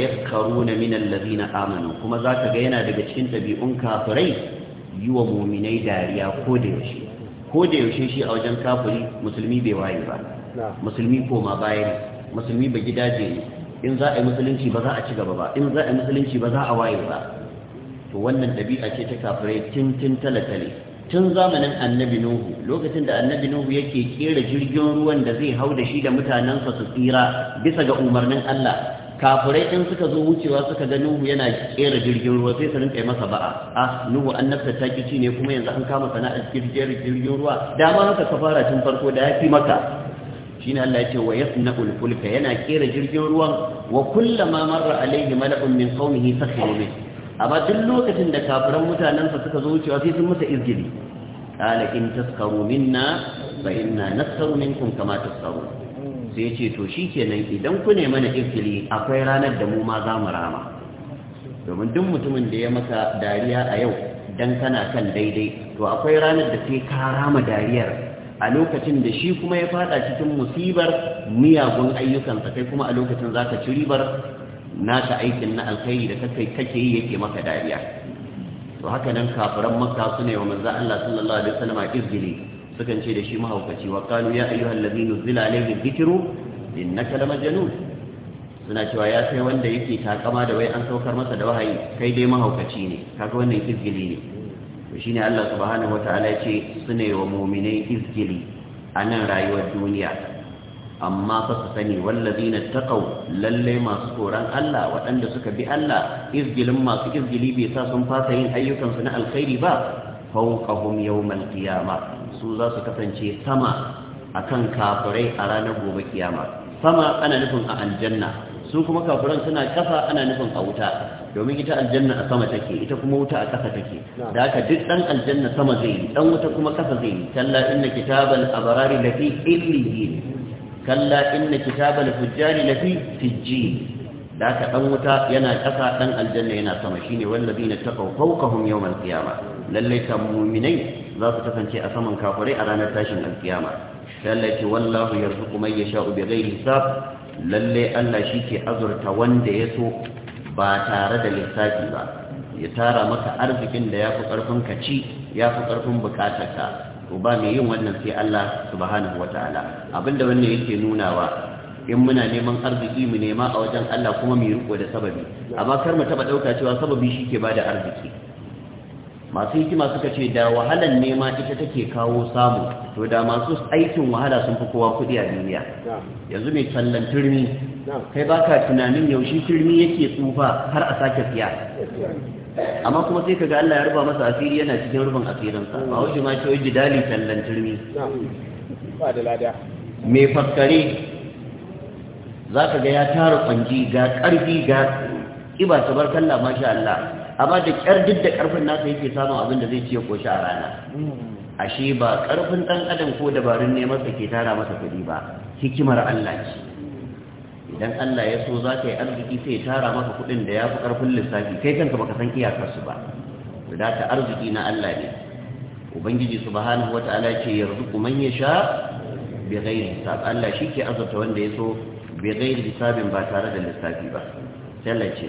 na min na amanu kuma za ka ga yana daga cikin dabi'un kafirai yi wa mu'minai dariya ko da yaushe ko da yaushe shi a wajen kafiri musulmi bai waye ba musulmi koma baya ne musulmi ba gidaje ne in za a yi musulunci ba za a ci gaba ba in za a yi musulunci ba za a waye ba to wannan ɗabi'a ce ta kafirai tun tun talatale tun zamanin annabi nuhu lokacin da annabi nuhu yake kera jirgin ruwan da zai hau da shi da mutanensa su tsira bisa ga umarnin Allah kafirai in suka zo wucewa suka ga nuhu yana kera jirgin ruwa sai su rinka masa ba'a a ah, nuhu an nafsa ta ci ne kuma yanzu an kama sana'ar kirjiyar jirgin ruwa dama haka ka fara tun farko da ya fi maka shine Allah ce wa yasna'ul fulka yana kera jirgin ruwan wa kullama marra alaihi mala'un min qaumihi sakhiru min amma duk lokacin da kafiran mutanensa suka zo wucewa sai sun masa izgili qala in taskaru minna fa inna naskaru minkum kama taskaru sai ce to shikenan idan ku ne mana izgili akwai ranar da mu ma za mu rama domin duk mutumin da ya maka dariya a yau dan kana kan daidai to akwai ranar da sai ka rama dariyar a lokacin da shi kuma ya fada cikin musibar miyagun ayyukansa kai kuma a lokacin za ka ci ribar naka aikin na alkhairi da kake kake yi yake maka dariya to haka nan kafiran maka su ne wa manzo Allah sallallahu alaihi wasallam izgili sukan ce da shi mahaukaci wa qalu ya ayyuhal ladhina zila alayhi dhikru innaka lamajnun suna cewa ya sai wanda yake takama da wai an saukar masa da wahayi kai dai mahaukaci ne kaga wannan izgili ne shi ne Allah subhanahu wa ta'ala ce suna yi wa mominai izgili a nan rayuwar duniya amma fa su sani wallazi na taƙau lalle masu tsoron Allah waɗanda suka bi Allah izgilin masu izgili bai sa sun fasa yin ayyukansu na alkhairi ba fauqahum yawmal qiyama su za su kasance sama akan kafirai a ranar gobe kiyama sama ana nufin a aljanna su kuma kafiran suna kafa ana nufin a wuta domin ita aljanna a sama take ita kuma wuta a ƙasa take da haka duk ɗan aljanna sama zai yi ɗan wuta kuma ƙasa zai yi kalla inna kitabal abarari lafi illiyin kalla inna kitabal fujjari lafi fijjin da haka ɗan wuta yana ƙasa ɗan aljanna yana sama shine wallazina taqaw fawqahum yawan qiyamah Lallai ta mu'minai za su kasance a saman kafurai a ranar tashin alkiyama lalle ce wallahu ya sha yasha'u bighairi hisab Lallai Allah shi ke azurta wanda ya so ba tare da lissafi ba ya tara maka arzikin da ya fi ƙarfin ka ci ya fi ƙarfin buƙatarka to ba mai yin wannan sai Allah subhanahu wataala abinda wannan yake nunawa in muna neman arziki mu nema a wajen Allah kuma mu riko da sababi amma kar mu taba dauka cewa sababi shi ke bada arziki masu hikima suka ce da wahalar nema ita take kawo samu to da masu aikin wahala sun fi kowa kudi a duniya yanzu mai tallan turmi kai baka tunanin yaushe turmi yake tsufa har a sake siya amma kuma sai ka ga Allah ya ruba masa asiri yana cikin rubin sa. ba wuce ma ce dalin tallan turmi mai fafkare za ka ga ya tara kwanji ga ƙarfi ga ƙiba bar kalla mashi Allah amma da kyar duk da karfin nasa yake samun abin da zai ciye koshi a rana ashe ba karfin ɗan adam ko dabarun ne masa ke tara masa kuɗi ba hikimar Allah ce idan Allah ya so za ka yi arziki sai ya tara maka kuɗin da ya fi karfin lissafi kai kanka baka san iyakarsu ba da ta arziki na Allah ne ubangiji subhanahu wataala ce yarzuqu man yasha bighairi hisab Allah ke azurta wanda yaso bighairi lissafin ba tare da lissafi ba sai Allah ce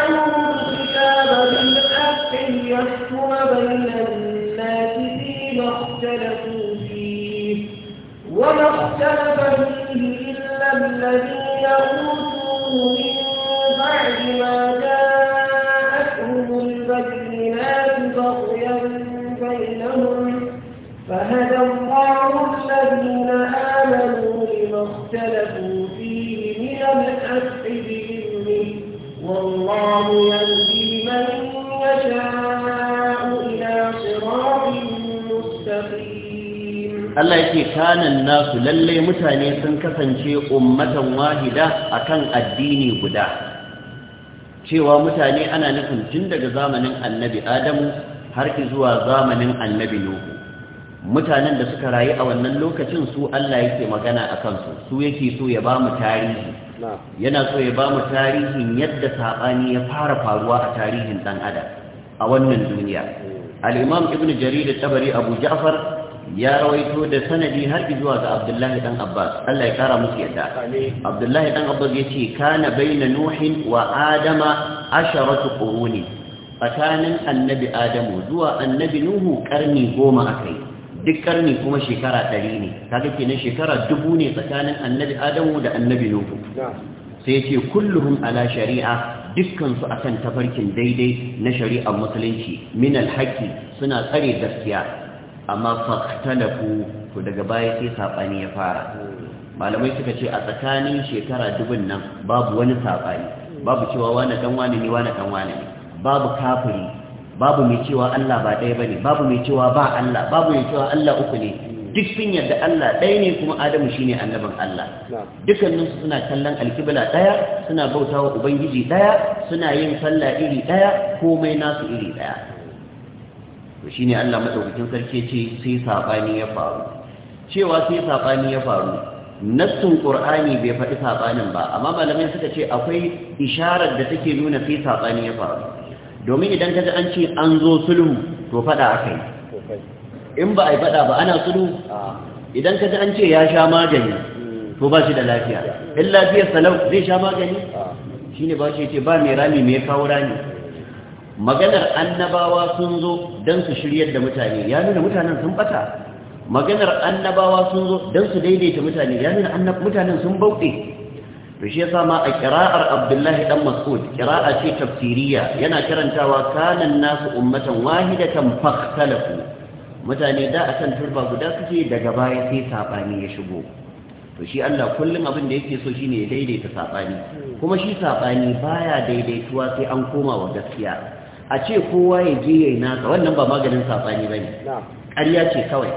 ce kanan nasu lallai mutane sun kasance ummatan wahida akan addini guda cewa mutane ana nufin tun daga zamanin annabi adamu har zuwa zamanin annabi nuhu mutanen da suka rayu a wannan lokacin su Allah yake magana a kansu su yake so ya ba mu tarihi yana so ya ba mu tarihin yadda saɓani ya fara faruwa a tarihin ɗan adam a wannan duniya hmm. Alimam ibn jarir tabari abu ja'far ya rawaito da sanadi har zuwa ga Abdullahi dan Abbas Allah ya kara musu yadda Abdullahi dan Abbas ce kana baina Nuhin wa Adama asharatu quruni tsakanin annabi Adamu zuwa annabi Nuhu karni goma akai duk karni kuma shekara ɗari ne kaga kenan shekara dubu ne tsakanin annabi Adamu da annabi Nuhu sai yace kulluhum ala shari'a dukkansu akan tafarkin daidai na shari'ar musulunci min alhaki suna tsare gaskiya amma faktalafu to daga baya sai sabani ya fara malamai suka ce a tsakanin shekara dubun nan babu wani sabani babu cewa wani dan wani ne wani dan wani ne babu kafiri babu mai cewa Allah ba ɗaya bane babu mai cewa ba Allah babu mai cewa Allah uku ne duk sun yarda Allah ɗaya ne kuma Adamu shine annabin Allah dukkanin su suna kallon alkibla ɗaya suna bautawa ubangiji ɗaya suna yin sallah iri ɗaya komai nasu iri ɗaya to shi ne Allah madaukakin sarki ce sai saɓani ya faru cewa sai saɓani ya faru nassun ƙur'ani bai faɗi saɓanin ba amma malamai suka ce akwai isharar da take nuna sai saɓani ya faru domin idan kaji an ce an zo sulhu to faɗa akai in ba a yi faɗa ba ana sulhu idan kaji an ce ya sha magani to ba shi da lafiya in lafiyar salau zai sha magani ne ba shi ce ba mai rami mai kawo rami maganar annabawa sun zo don su shiryar da mutane ya nuna mutanen sun bata maganar annabawa sun zo don su daidaita mutane ya nuna mutanen sun bauɗe to shi yasa ma a kira'ar abdullahi dan mas'ud kira'a ce tafsiriya yana karantawa kanan nasu ummatan wahidatan fakhtalafu mutane da a kan turba guda suke daga baya sai sabani ya shigo to shi Allah kullum abin da yake so shine ya daidaita sabani kuma shi sabani baya daidaituwa sai an koma wa gaskiya a ce kowa ya je yayi nasa wannan ba maganin ba ne. ƙarya ce kawai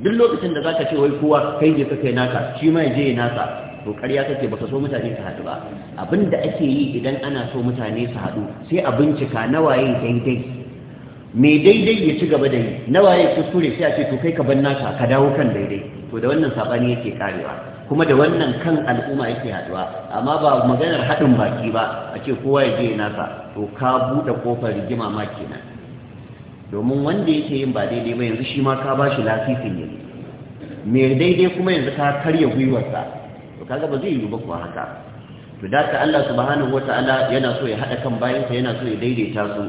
duk lokacin da zaka ce wai kowa kai je kai naka shi ma ya je yayi nasa to ƙarya kake baka so mutane su haɗu ba abin ake yi idan ana so mutane su haɗu sai a bincika nawaye daidai me daidai ya ci gaba da yi nawaye kuskure sai a ce to kai ka bar naka ka dawo kan daidai to da wannan sabani yake karewa kuma da wannan kan al'umma yake haɗuwa amma ba maganar haɗin baki ba a ce kowa ya je nasa to ka buɗe kofar rigima ma kenan domin wanda yake yin ba daidai ba yanzu shi ma ka ba shi lasisin ne me daidai kuma yanzu ka karya gwiwarsa to kaga ba zai yi ba kuwa haka to da ka Allah subhanahu wataala yana so ya haɗa kan bayansa yana so ya daidaita su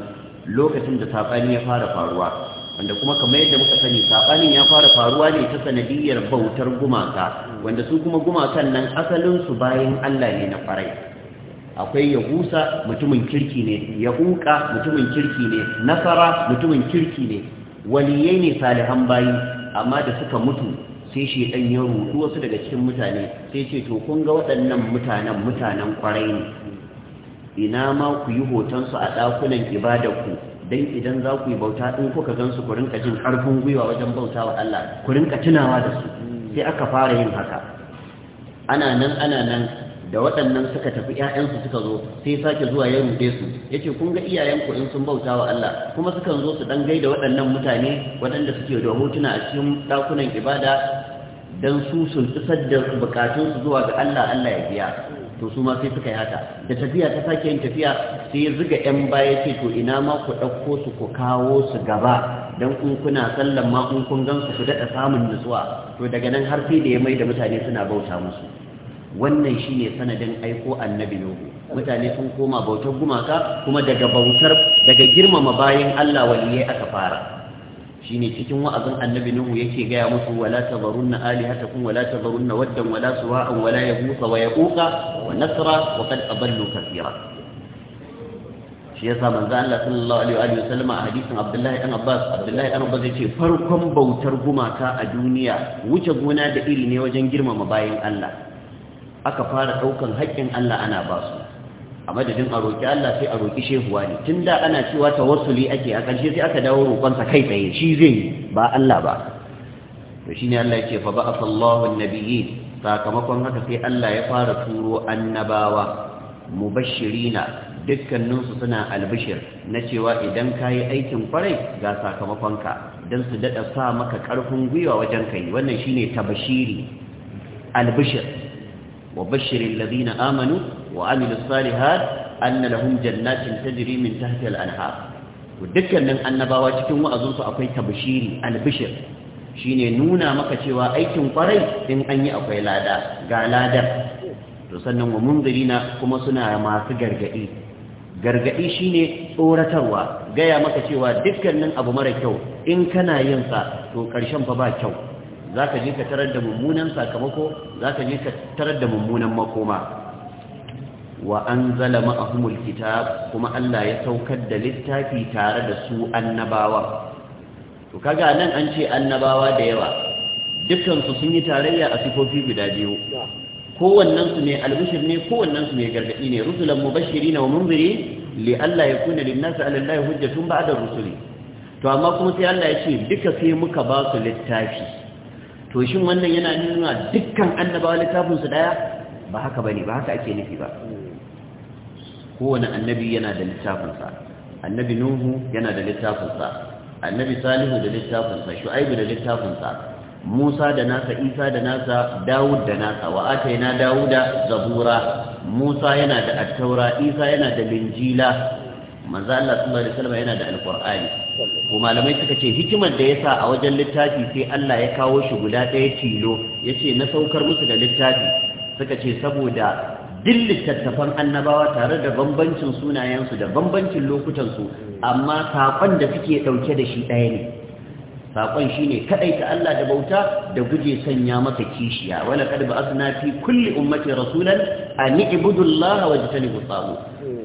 lokacin da saɓani ya fara faruwa wanda kuma kamar yadda muka sani saɓanin ya fara faruwa ne ta sanadiyyar bautar gumaka wanda su kuma gumakan nan asalinsu bayan Allah ne na ƙwarai akwai yahusa mutumin kirki ne yahuka mutumin kirki ne nasara mutumin kirki ne waliyai ne salihan bayi amma da suka mutu sai dan ya rudu wasu daga cikin mutane sai ce to kun ga waɗannan mutanen mutanen kwarai ne ina ma ku yi hotonsu a ɗakunan ku? don idan za ku yi bauta in kuka gansu ku rinka jin ƙarfin gwiwa wajen bauta wa Allah ku rinka tunawa da su sai aka fara yin haka ana nan ana nan da waɗannan suka tafi 'ya'yansu suka zo sai sake zuwa ya rude su yace kun ga iyayenku in sun bauta wa Allah kuma sukan zo su ɗan gaida waɗannan mutane waɗanda suke da hotuna a cikin ɗakunan ibada dan su sun isar da bukatunsu zuwa ga Allah Allah ya biya to su ma sai suka yi haka da tafiya ta sake yin tafiya sai ya zuga 'yan baya ce to ina ma ku ɗauko su ku kawo su gaba dan kun kuna sallan ma kun kun gan su ku daɗa samun nutsuwa to daga nan har sai da ya mai da mutane suna bauta musu wannan shine sanadin aiko annabi nuhu mutane sun koma bautar gumaka kuma daga bautar daga girmama bayan Allah waliyai aka fara shine cikin wa'azin annabi nuhu yake gaya musu wala tazarunna alihatakum wala tazarunna waddan wala suwa'an wala yaghutha wa yaquqa wa nasra wa qad adallu kathira shi yasa manzo Allah sallallahu alaihi wa sallama a hadisin Abdullahi dan Abbas Abdullahi dan Abbas yace farkon bautar gumaka a duniya wuce gona da iri ne wajen girmama bayan Allah aka fara ɗaukan haƙƙin Allah ana ba su a madadin a roƙi Allah sai a roƙi shehuwa ne tun da ana cewa tawassuli ake a ƙarshe sai aka dawo roƙonsa kai tsaye shi zai yi ba Allah ba to shine Allah yake fa ba'atha Allahu an-nabiyyin sakamakon haka sai Allah ya fara turo annabawa mubashirina dukkaninsu suna albishir na cewa idan kayi aikin kwarai ga sakamakonka don su daɗa sa maka ƙarfin gwiwa wajen kai wannan shine tabashiri albishir وبشر الذين آمنوا وعملوا الصالحات أن لهم جنات تجري من تحتها الأنهار ودكر من النباوة cikin wa'azinsu akwai tabshiri albishir shine nuna maka cewa aikin kwarai in an yi akwai lada ga ladar to sannan wa munzirina kuma suna masu gargadi gargadi shine tsoratarwa gaya maka cewa dukkanin abu mara kyau in kana yin sa to karshen fa ba kyau za ka je ka tarar da mummunan sakamako za ka je ka tarar da mummunan makoma wa an zala ma'ahumul kitab kuma Allah ya saukar da littafi tare da su annabawa to kaga nan an ce annabawa da yawa dukkansu sun yi tarayya a sifofi guda biyu kowannensu ne albishir ne kowannensu ne gargadi ne rusulan mubashirin wa munziri li Allah ya kuna linnasi ala Allah hujjatun ba'da rusuli to amma kuma sai Allah ya ce duka sai muka ba su littafi to shin wannan yana nuna dukkan annabawa littafinsu daya ba haka bane ba haka ake nufi ba kowane annabi yana da littafinsa annabi nuhu yana da littafinsa annabi salihu da littafinsa shu'aibu da littafinsa musa da nasa isa da nasa dawud da nasa wa ataina dawuda zabura musa yana da attaura isa yana da linjila manzo Allah sallallahu alaihi wasallam yana da alqur'ani ko malamai suka ce hikimar da yasa a wajen littafi sai Allah ya kawo shi guda ɗaya tilo yace na saukar musu da littafi suka ce saboda dillin littattafan annabawa tare da bambancin sunayensu da bambancin lokutansu amma saƙon da suke ɗauke da shi ɗaya ne saƙon shi ne kaɗaita Allah da bauta da guje sanya masa kishiya wala kad ba suna fi kulli ummati rasulan an ibudu Allah wa jitanibu tsabu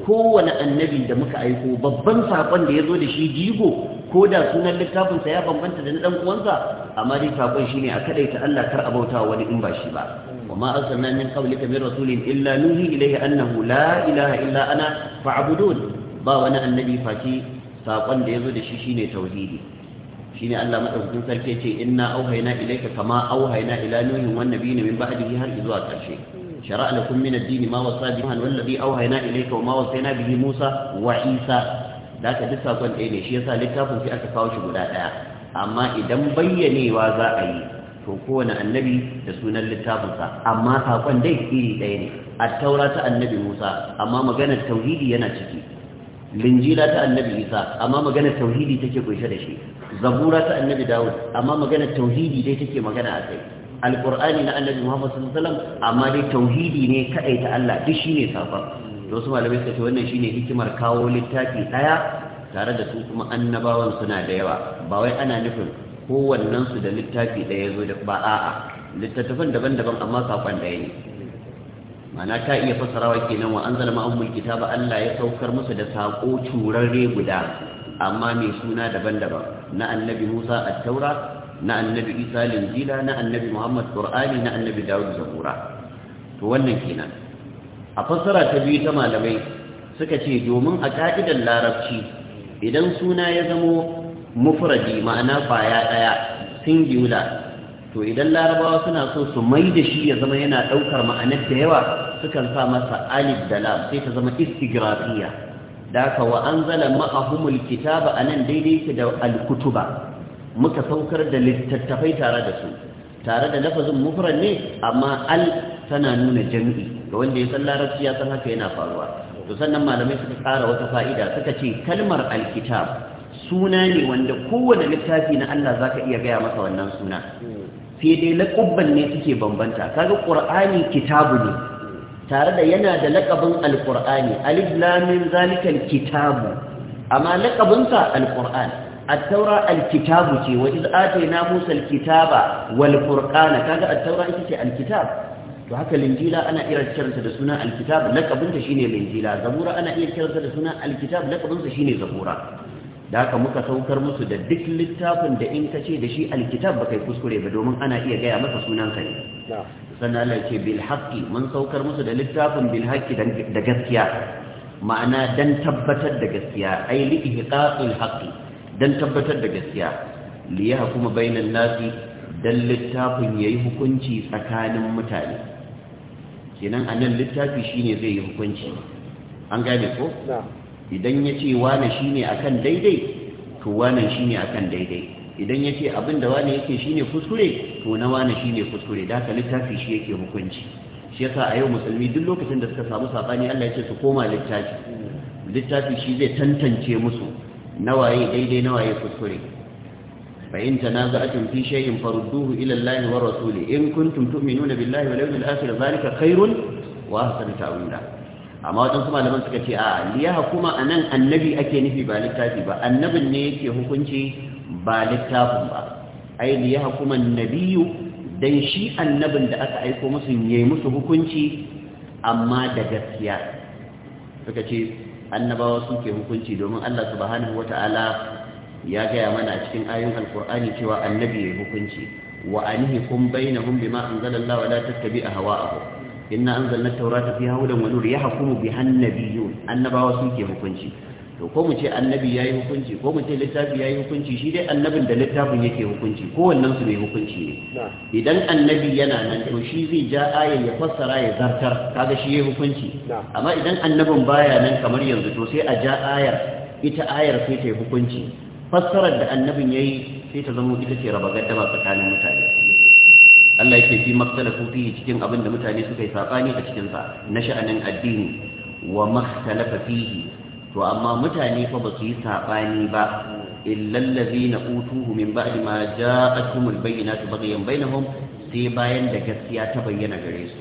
kowane annabi da muka aiko babban saƙon da ya zo da shi jigo ko da sunan littafinsa ya bambanta da na ɗan uwansa amma dai saƙon shi ne a kaɗaita Allah kar a bauta wani in ba shi ba وما أرسلنا من قبلك من رسول إلا نوحي إليه أنه لا إله ba wani annabi faki. وانا النبي فاتي ساقن da yazo da shi shine tauhidi shine Allah madaukakin sarki yace inna auhayna ilayka kama auhayna ila nuhin wan nabiyina min ba'dihi har zuwa karshe shara'a lakum min ad-din ma wasa bihi wallazi auhayna ilayka wama wasayna bihi Musa wa Isa da ka duk sakon ɗaya ne shi yasa littafin sai aka kawo shi guda ɗaya amma idan bayyanewa za a yi to kowane annabi da sunan littafinsa amma sakon dai iri ɗaya ne A taura ta annabi Musa amma maganar tauhidi yana ciki linjila ta annabi isa amma magana tauhidi take kunshe da shi zabura ta annabi dawud amma magana tauhidi dai take magana a kai alqur'ani na annabi muhammad sallallahu alaihi wasallam amma dai tauhidi ne kadai ta Allah duk shine safa to su malamai suka ce wannan shine hikimar kawo littafi daya tare da su kuma annabawan suna da yawa ba wai ana nufin kowannen su da littafi daya zo da ba a'a littattafan daban-daban amma sakon daya ne mana ta iya fasarawa kenan wa anzala ma'amul kitaba Allah ya saukar musu da sako turarre guda amma mai suna daban-daban na annabi Musa at-Taura na annabi Isa linjila na annabi Muhammad Qur'ani na annabi Dawud zabura to wannan kenan a fasara ta biyu ta malamai suka ce domin a ka'idar larabci idan suna ya zamo mufradi ma'ana kwaya daya singular to idan larabawa suna so su mai da shi ya zama yana ɗaukar ma'anar da yawa sukan sa masa alif da lam sai ta zama istigrafiya da haka wa anzala ma'ahumul kitaba nan daidai yake da alkutuba muka saukar da littattafai tare da su tare da lafazin mufrad ne amma al tana nuna jami'i ga wanda ya san larabci ya san haka yana faruwa to sannan malamai suka ƙara wata fa'ida suka ce kalmar alkitab suna ne wanda kowane littafi na Allah zaka iya gaya masa wannan suna sai dai laƙubban ne suke bambanta kaga ƙur'ani kitabu ne tare da yana da laƙabin alƙur'ani alif lamin kitabu amma laƙabinsa alƙur'an attaura alkitabu al-kitabu ce wa iz atayna musa al-kitaba wal furqana kaga at-taura ita ce al-kitab to haka linjila ana iya kiranta da suna al-kitab shine linjila zabura ana iya kiranta da suna al-kitab shine zabura da haka muka saukar musu da duk littafin da in ka ce da shi alkitab ba kai kuskure ba domin ana iya gaya masa ka ne sannan Allah ce bil haqqi mun saukar musu da littafin bil haqqi da gaskiya ma'ana dan tabbatar da gaskiya ai li ihqaqil haqqi dan tabbatar da gaskiya li yahkuma bainan nasi dan littafin yayi hukunci tsakanin mutane kenan anan littafi shine zai yi hukunci an gane ko idan ya ce wane shi ne a kan daidai to wane shi ne a kan daidai idan ya ce abinda wane yake shi ne kuskure to na wane shi ne kuskure da haka littafi shi yake hukunci shi yasa a yau musulmi duk lokacin da suka samu saɓani allah ya ce su koma littafi littafi shi zai tantance musu nawaye daidai nawaye kuskure فإن تنازعتم في شيء فردوه إلى الله ورسوله إن كنتم تؤمنون بالله واليوم الآخر ذلك خير وأحسن تأويلا amma waɗansu malaman suka ce a liya kuma a nan annabi ake nufi ba littafi ba annabin ne yake hukunci ba littafin ba ai liya hukuma nabiyu dan shi annabin da aka aiko musu ya musu hukunci amma da gaskiya suka ce annabawa suke hukunci domin Allah subhanahu wata'ala ya gaya mana a cikin ayoyin alkur'ani cewa annabi ya hukunci wa anihum bainahum bima anzalallahu wa la hawa hawa'ahum inna anzalna at-taurata fiha hudan wa nur yahkumu biha an-nabiyyun annabawa suke hukunci to ko mu ce annabi yayi hukunci ko mu ce littafi yayi hukunci shi dai annabin da littafin yake hukunci ko wannan su ne hukunci ne idan annabi yana nan to shi zai ja ayar ya fassara ya zartar kaga shi yayi hukunci amma idan annabin baya nan kamar yanzu to sai a ja ayar ita ayar sai ta yi hukunci fassarar da annabin yayi sai ta zama ita ce raba gaddama tsakanin mutane Allah yake fi maktalafu fihi cikin abin da mutane suka yi saɓani a cikin sa na sha'anin addini wa maktalafa fihi to amma mutane fa ba su yi saɓani ba illal na utuhu min ba'di ma ja'atuhumul bayyinatu baghyan bainahum sai bayan da gaskiya ta bayyana gare su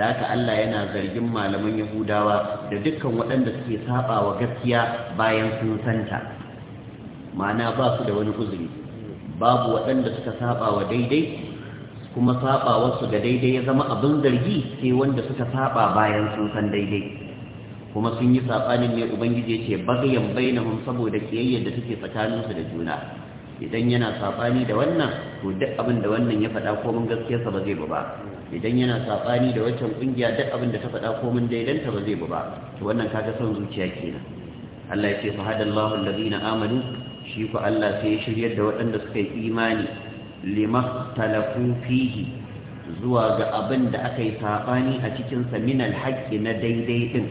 da haka Allah yana zargin malaman Yahudawa da dukkan waɗanda suke saba wa gaskiya bayan sun santa ma'ana ba su da wani uzuri babu waɗanda suka saɓa wa daidai kuma wasu ga daidai ya zama abin zargi sai wanda suka saba bayan sun san daidai kuma sun yi sabanin ne ubangiji yace bagayan bainahum saboda kiyayyar da take tsakaninsu da juna idan yana sabani da wannan to duk abin da wannan ya faɗa komin gaskiyarsa ba zai bu ba idan yana sabani da waccan ƙungiya, duk abin da ta faɗa komin daidanta ba zai bu ba to wannan kaga son zuciya kenan Allah ya ce fa hadallahu allazina amanu shi ku Allah sai ya shiryar da waɗanda suka yi imani limaktalafu fihi zuwa ga abin da aka yi saɓani a cikinsa min alhaƙi na daidai ɗin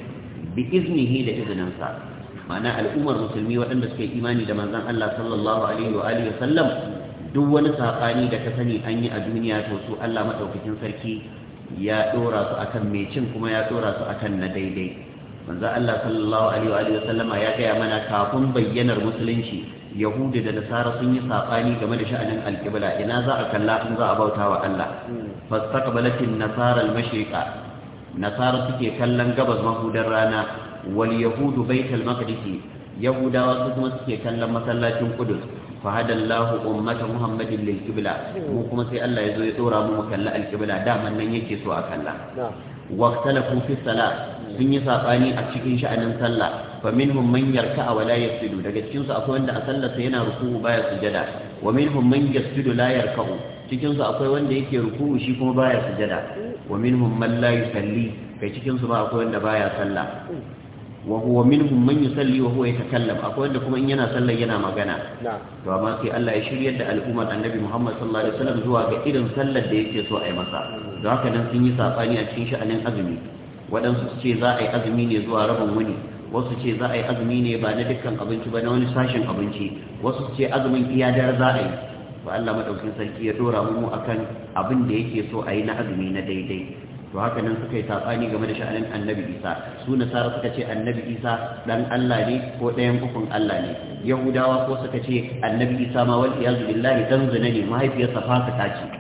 bi iznihi da izininsa ma'ana al'ummar musulmi waɗanda suka yi imani da manzan Allah sallallahu alaihi wa alihi sallam duk wani saɓani da ka sani an yi a duniya to su Allah madaukakin sarki ya ɗora su akan mai cin kuma ya ɗora su akan na daidai manzon Allah sallallahu alaihi wa alihi sallama ya gaya mana kafin bayyanar musulunci yahudu da nasara sun yi saɓani game da sha'anin alƙibla ina za a kalla in za a bauta wa Allah fastaqbalatin nasara al-mashriqa nasara suke kallon gabas mahudar rana wal yahudu baitul maqdis yahudawa su kuma suke kallon masallacin qudus fa hadallahu ummata muhammadin lil qibla mu kuma sai Allah ya zo ya tsora mu mu kalla al-qibla daman nan yake so a kalla waqtalafu fi salat sun yi saɓani a cikin sha'anin sallah fa minhum man yarka'a wa la yasjudu daga cikin su akwai wanda a sallarsa yana ruku'u baya sujada wa minhum man yasjudu la yarka'u cikin su akwai wanda yake ruku'u shi kuma baya sujada wa minhum man la yusalli kai cikin su ba akwai wanda baya sallah wa huwa minhum man yusalli wa huwa yatakallam akwai wanda kuma in yana sallar yana magana to amma sai Allah ya shiryar da al'ummar Annabi Muhammad sallallahu alaihi wasallam zuwa ga irin sallar da yake so a yi masa don haka nan sun yi sabani a cikin sha'anin azumi waɗansu su ce za a yi azumi ne zuwa rabin wuni wasu ce za a yi azumi ne ba na dukkan abinci ba na wani sashen abinci wasu ce azumin iyadar za a yi ba Allah madaukin sarki ya dora mu akan abin da yake so a yi na azumi na daidai to haka nan suka yi sabani game da sha'anin annabi isa su nasara suka ce annabi isa dan Allah ne ko ɗayan ukun Allah ne yahudawa ko suka ce annabi isa ma wal iyazu billahi dan zina ne mahaifiyarsa fasika ce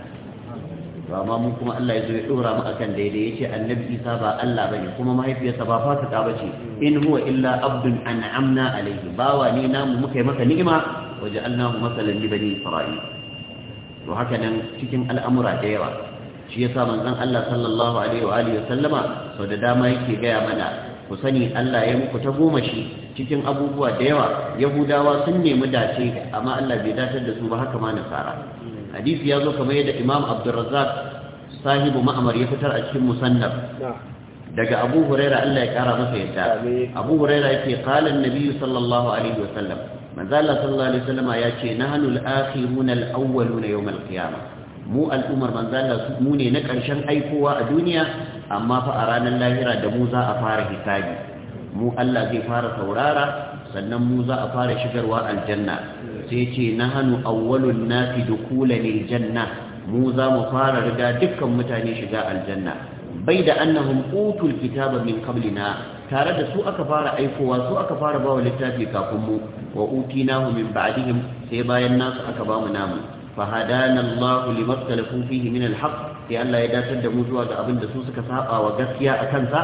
to amma mun kuma Allah ya zo ya dora mu akan daidai yace annabi Isa ba Allah bane kuma mahaifiyarsa ba fasika bace in huwa illa abdun an'amna alayhi bawa ne namu muka yi maka ni'ima waja'alnahu masalan li bani isra'il to haka nan cikin al'amura da yawa shi yasa manzon Allah sallallahu alaihi wa alihi wa sallama sau da dama yake gaya mana ku sani Allah ya muku ta goma shi cikin abubuwa da yawa yahudawa sun nemi dace amma Allah bai datar da su ba haka ma nasara hadisi ya zo kamar yadda imam abdurrazzak sahibu ma'amar ya fitar a cikin musannaf daga abu huraira Allah ya kara masa yadda abu huraira yake qala an sallallahu alaihi wasallam manzo Allah sallallahu alaihi wasallam ya ce nahnu al-akhiruna al-awwaluna yawm al-qiyamah mu al'ummar manzala mu ne na ƙarshen aikowa a duniya amma fa a ranar lahira da mu za a fara hisabi mu Allah zai fara taurara sannan mu za a fara shigarwa aljanna sai ce nahanu awwalun nasi dukulan janna. mu za mu fara riga dukkan mutane shiga aljanna bai da annahun utul kitaba min na. tare da su aka fara aikowa su aka fara bawa littafi kafin mu wa utinahu min ba'dihim sai bayan nasu aka ba mu namu fahadana Allah limaktalafu fihi min alhaq sai Allah ya datar da mu zuwa ga abin da su suka saba wa gaskiya akan sa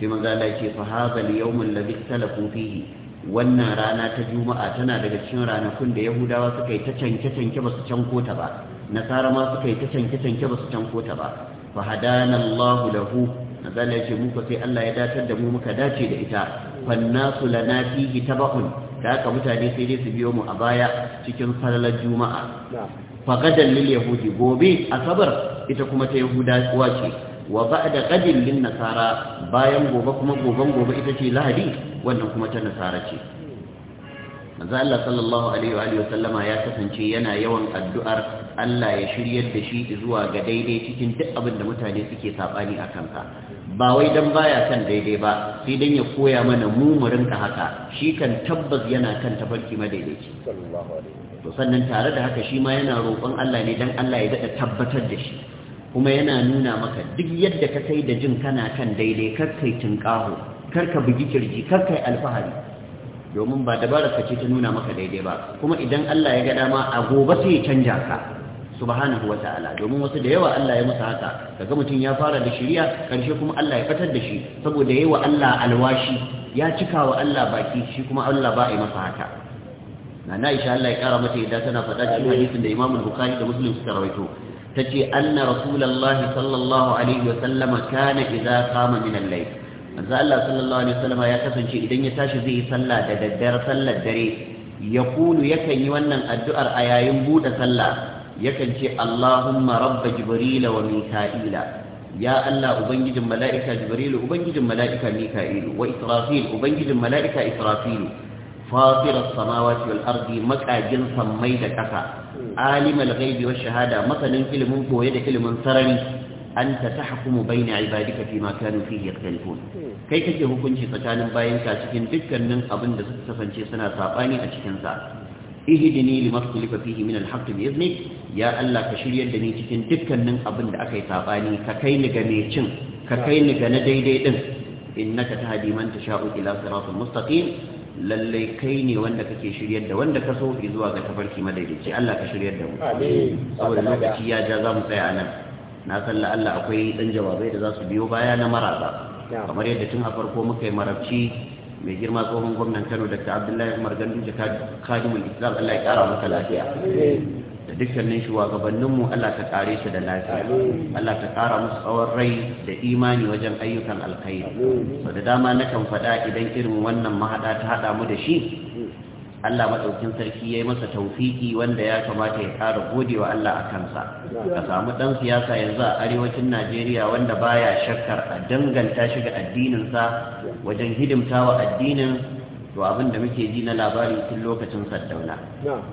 sai manzo Allah ya ce fa hadha al fihi wannan rana ta juma'a tana daga cikin ranakun da yahudawa suka yi ta canke canke basu canko ta ba nasara ma suka yi ta canke canke basu canko ta ba fa hadana Allah lahu manzo Allah ya ce muka sai Allah ya datar da mu muka dace da ita fannasu lana fihi tabahun da haka mutane sai dai su biyo mu a baya cikin salalar juma'a faqadan lil yahudi gobe asabar ita kuma ta yahudawa ce wa ba'da gadin lin nasara bayan gobe kuma goben gobe ita ce lahadi wannan kuma ta nasara ce manzo Allah sallallahu alaihi wa alihi wasallama ya kasance yana yawan addu'ar Allah ya shiryar da shi zuwa ga daidai cikin duk abin da mutane suke sabani a kansa ba wai dan baya kan daidai ba sai dan ya koya mana mu mu rinka haka shi kan tabbas yana kan tafarki madaidaici to sannan tare da haka shi ma yana roƙon Allah ne dan Allah ya dada tabbatar da shi kuma yana nuna maka duk yadda ka kai da jin kana kan daidai kar kai karka kar ka bugi kirji kar yi alfahari domin ba dabarar ka ce ta nuna maka daidai ba kuma idan Allah ya ga dama a gobe sai ya canja ka subhanahu ta'ala. domin wasu da yawa Allah ya musa haka kaga mutum ya fara da shiriya karshe kuma Allah ya fitar da shi saboda yawa Allah alwashi ya cika wa Allah baki shi kuma Allah ba a yi masa haka na na insha Allah ya kara mata idan tana faɗa cikin hadisin da Imam Bukhari da Muslim suka rawaito tace anna rasulullahi sallallahu alaihi wasallama kana idza qama min al-layl Allah sallallahu alaihi wasallama ya kasance idan ya tashi zai yi sallah da daddare sallar dare yaqulu yakan yi wannan addu'ar a yayin buɗe sallah yakan ce Allahuma rabba jibril wa mika'ila ya Allah ubangijin mala'ika jibrilu ubangijin mala'ika mika'ilu wa israfil ubangijin mala'ika israfilu fatir as-samawati wal ardi maqajin sammai da ƙasa. Alimal ghaibi wash shahada masanin ilimin boye da ilimin sarari anta tahkumu baina ibadika fi ma kanu fihi yaktalifun kai kake hukunci tsakanin bayanka cikin dukkanin abin da suka kasance suna sabani a cikin sa ihdini lima fihi min al bi idnik ya Allah ka shiryar da ni cikin dukkanin abin da aka yi sabani ka kai ni ga me cin ka kai ni ga na daidai din innaka tahdi man tasha'u ila siratal mustaqim lallai kai ne wanda kake shiryar da wanda ka so zuwa ga tafarki madaidaici Allah ka shiryar da mu saboda lokaci ya ja za mu tsaya nan na san Allah akwai dan jawabai da za su biyo baya na maraba kamar yadda tun a farko muka yi marabci mai girma tsohon gwamnan Kano Dr. Abdullahi Umar Ganduje kadimul Islam Allah ya kara masa lafiya da dukkanin shugabanninmu Allah ta kare su da lafiya Allah ta kara musu tsawon rai da imani wajen ayyukan alkhairi so da dama nakan faɗa idan irin wannan mahaɗa ta haɗa mu da shi Allah maɗaukin sarki ya yi masa taufiki wanda ya kamata ya ƙara gode wa Allah a kansa ka samu ɗan siyasa yanzu a arewacin Najeriya wanda baya shakkar a danganta shi ga addininsa wajen hidimta wa addinin to abin da muke ji na labari tun lokacin saddauna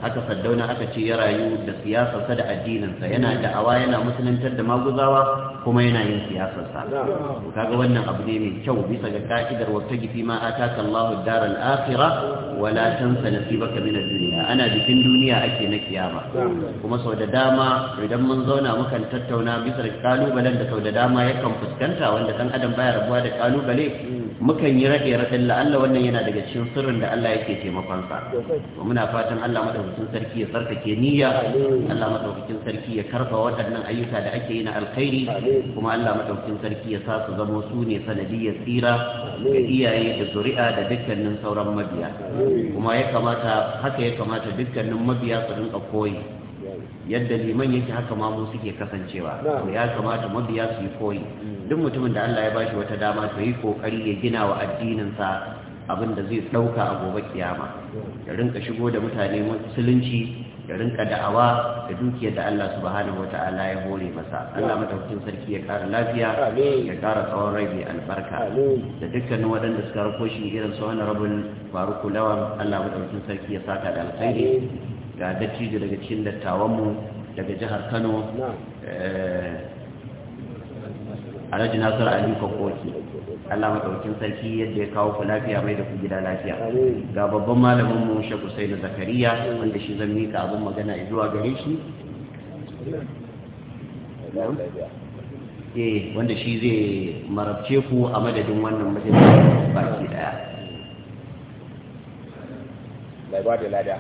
haka saddauna aka ce ya rayu da siyasarsa da addininsa yana da'awa yana musuluntar da maguzawa kuma yana yin siyasarsa to kaga wannan abu ne mai kyau bisa ga ka'idar wata gifi ma ataka Allahu daral akhirah wa la tansa nasibaka min ad-dunya ana bikin duniya ake na kiyama kuma sau da dama idan mun zauna mukan tattauna bisa kalubalen da sau da dama yakan fuskanta wanda dan adam baya rabuwa da kalubale mukan yi rade raden la'alla wannan yana daga cikin sirrin da Allah yake taimakon sa muna fatan Allah madaukakin sarki ya sarkake niyya Allah madaukakin sarki ya karfa waɗannan ayyuka da ake yi na alkhairi kuma Allah madaukakin sarki ya sa su zamo su ne sanadiyyar tsira ga iyaye da zuri'a da dukkanin sauran mabiya kuma ya kamata haka ya kamata dukkanin mabiya su rinka koyi yadda liman yake haka mamu suke kasancewa to ya kamata mabiya su yi koyi mm. duk mutumin da Allah ya bashi wata dama to yi kokari ya gina wa addininsa abin da zai dauka a gobe kiyama mm. ya rinka shigo da mutane musulunci ya rinka da'awa da dukiyar da Allah subhanahu wata'ala ya hore masa Allah madaukakin sarki ya kara lafiya ya kara tsawon rai albarka da dukkanin waɗanda suka rako shi irin su wani rabin faruku lawan Allah madaukakin sarki ya saka da alkhairi ga dattijo daga cikin dattawan mu, daga jihar kano eh, alhaji nasar ali kokoki allah maɗaukin sarki yadda ya kawo ku lafiya mai da ku gida lafiya ga babban malamin mu shaku sai zakariya wanda shi zan mika abin magana zuwa gare shi eh wanda shi zai marabce ku a madadin wannan majalisa baki daya ba da lada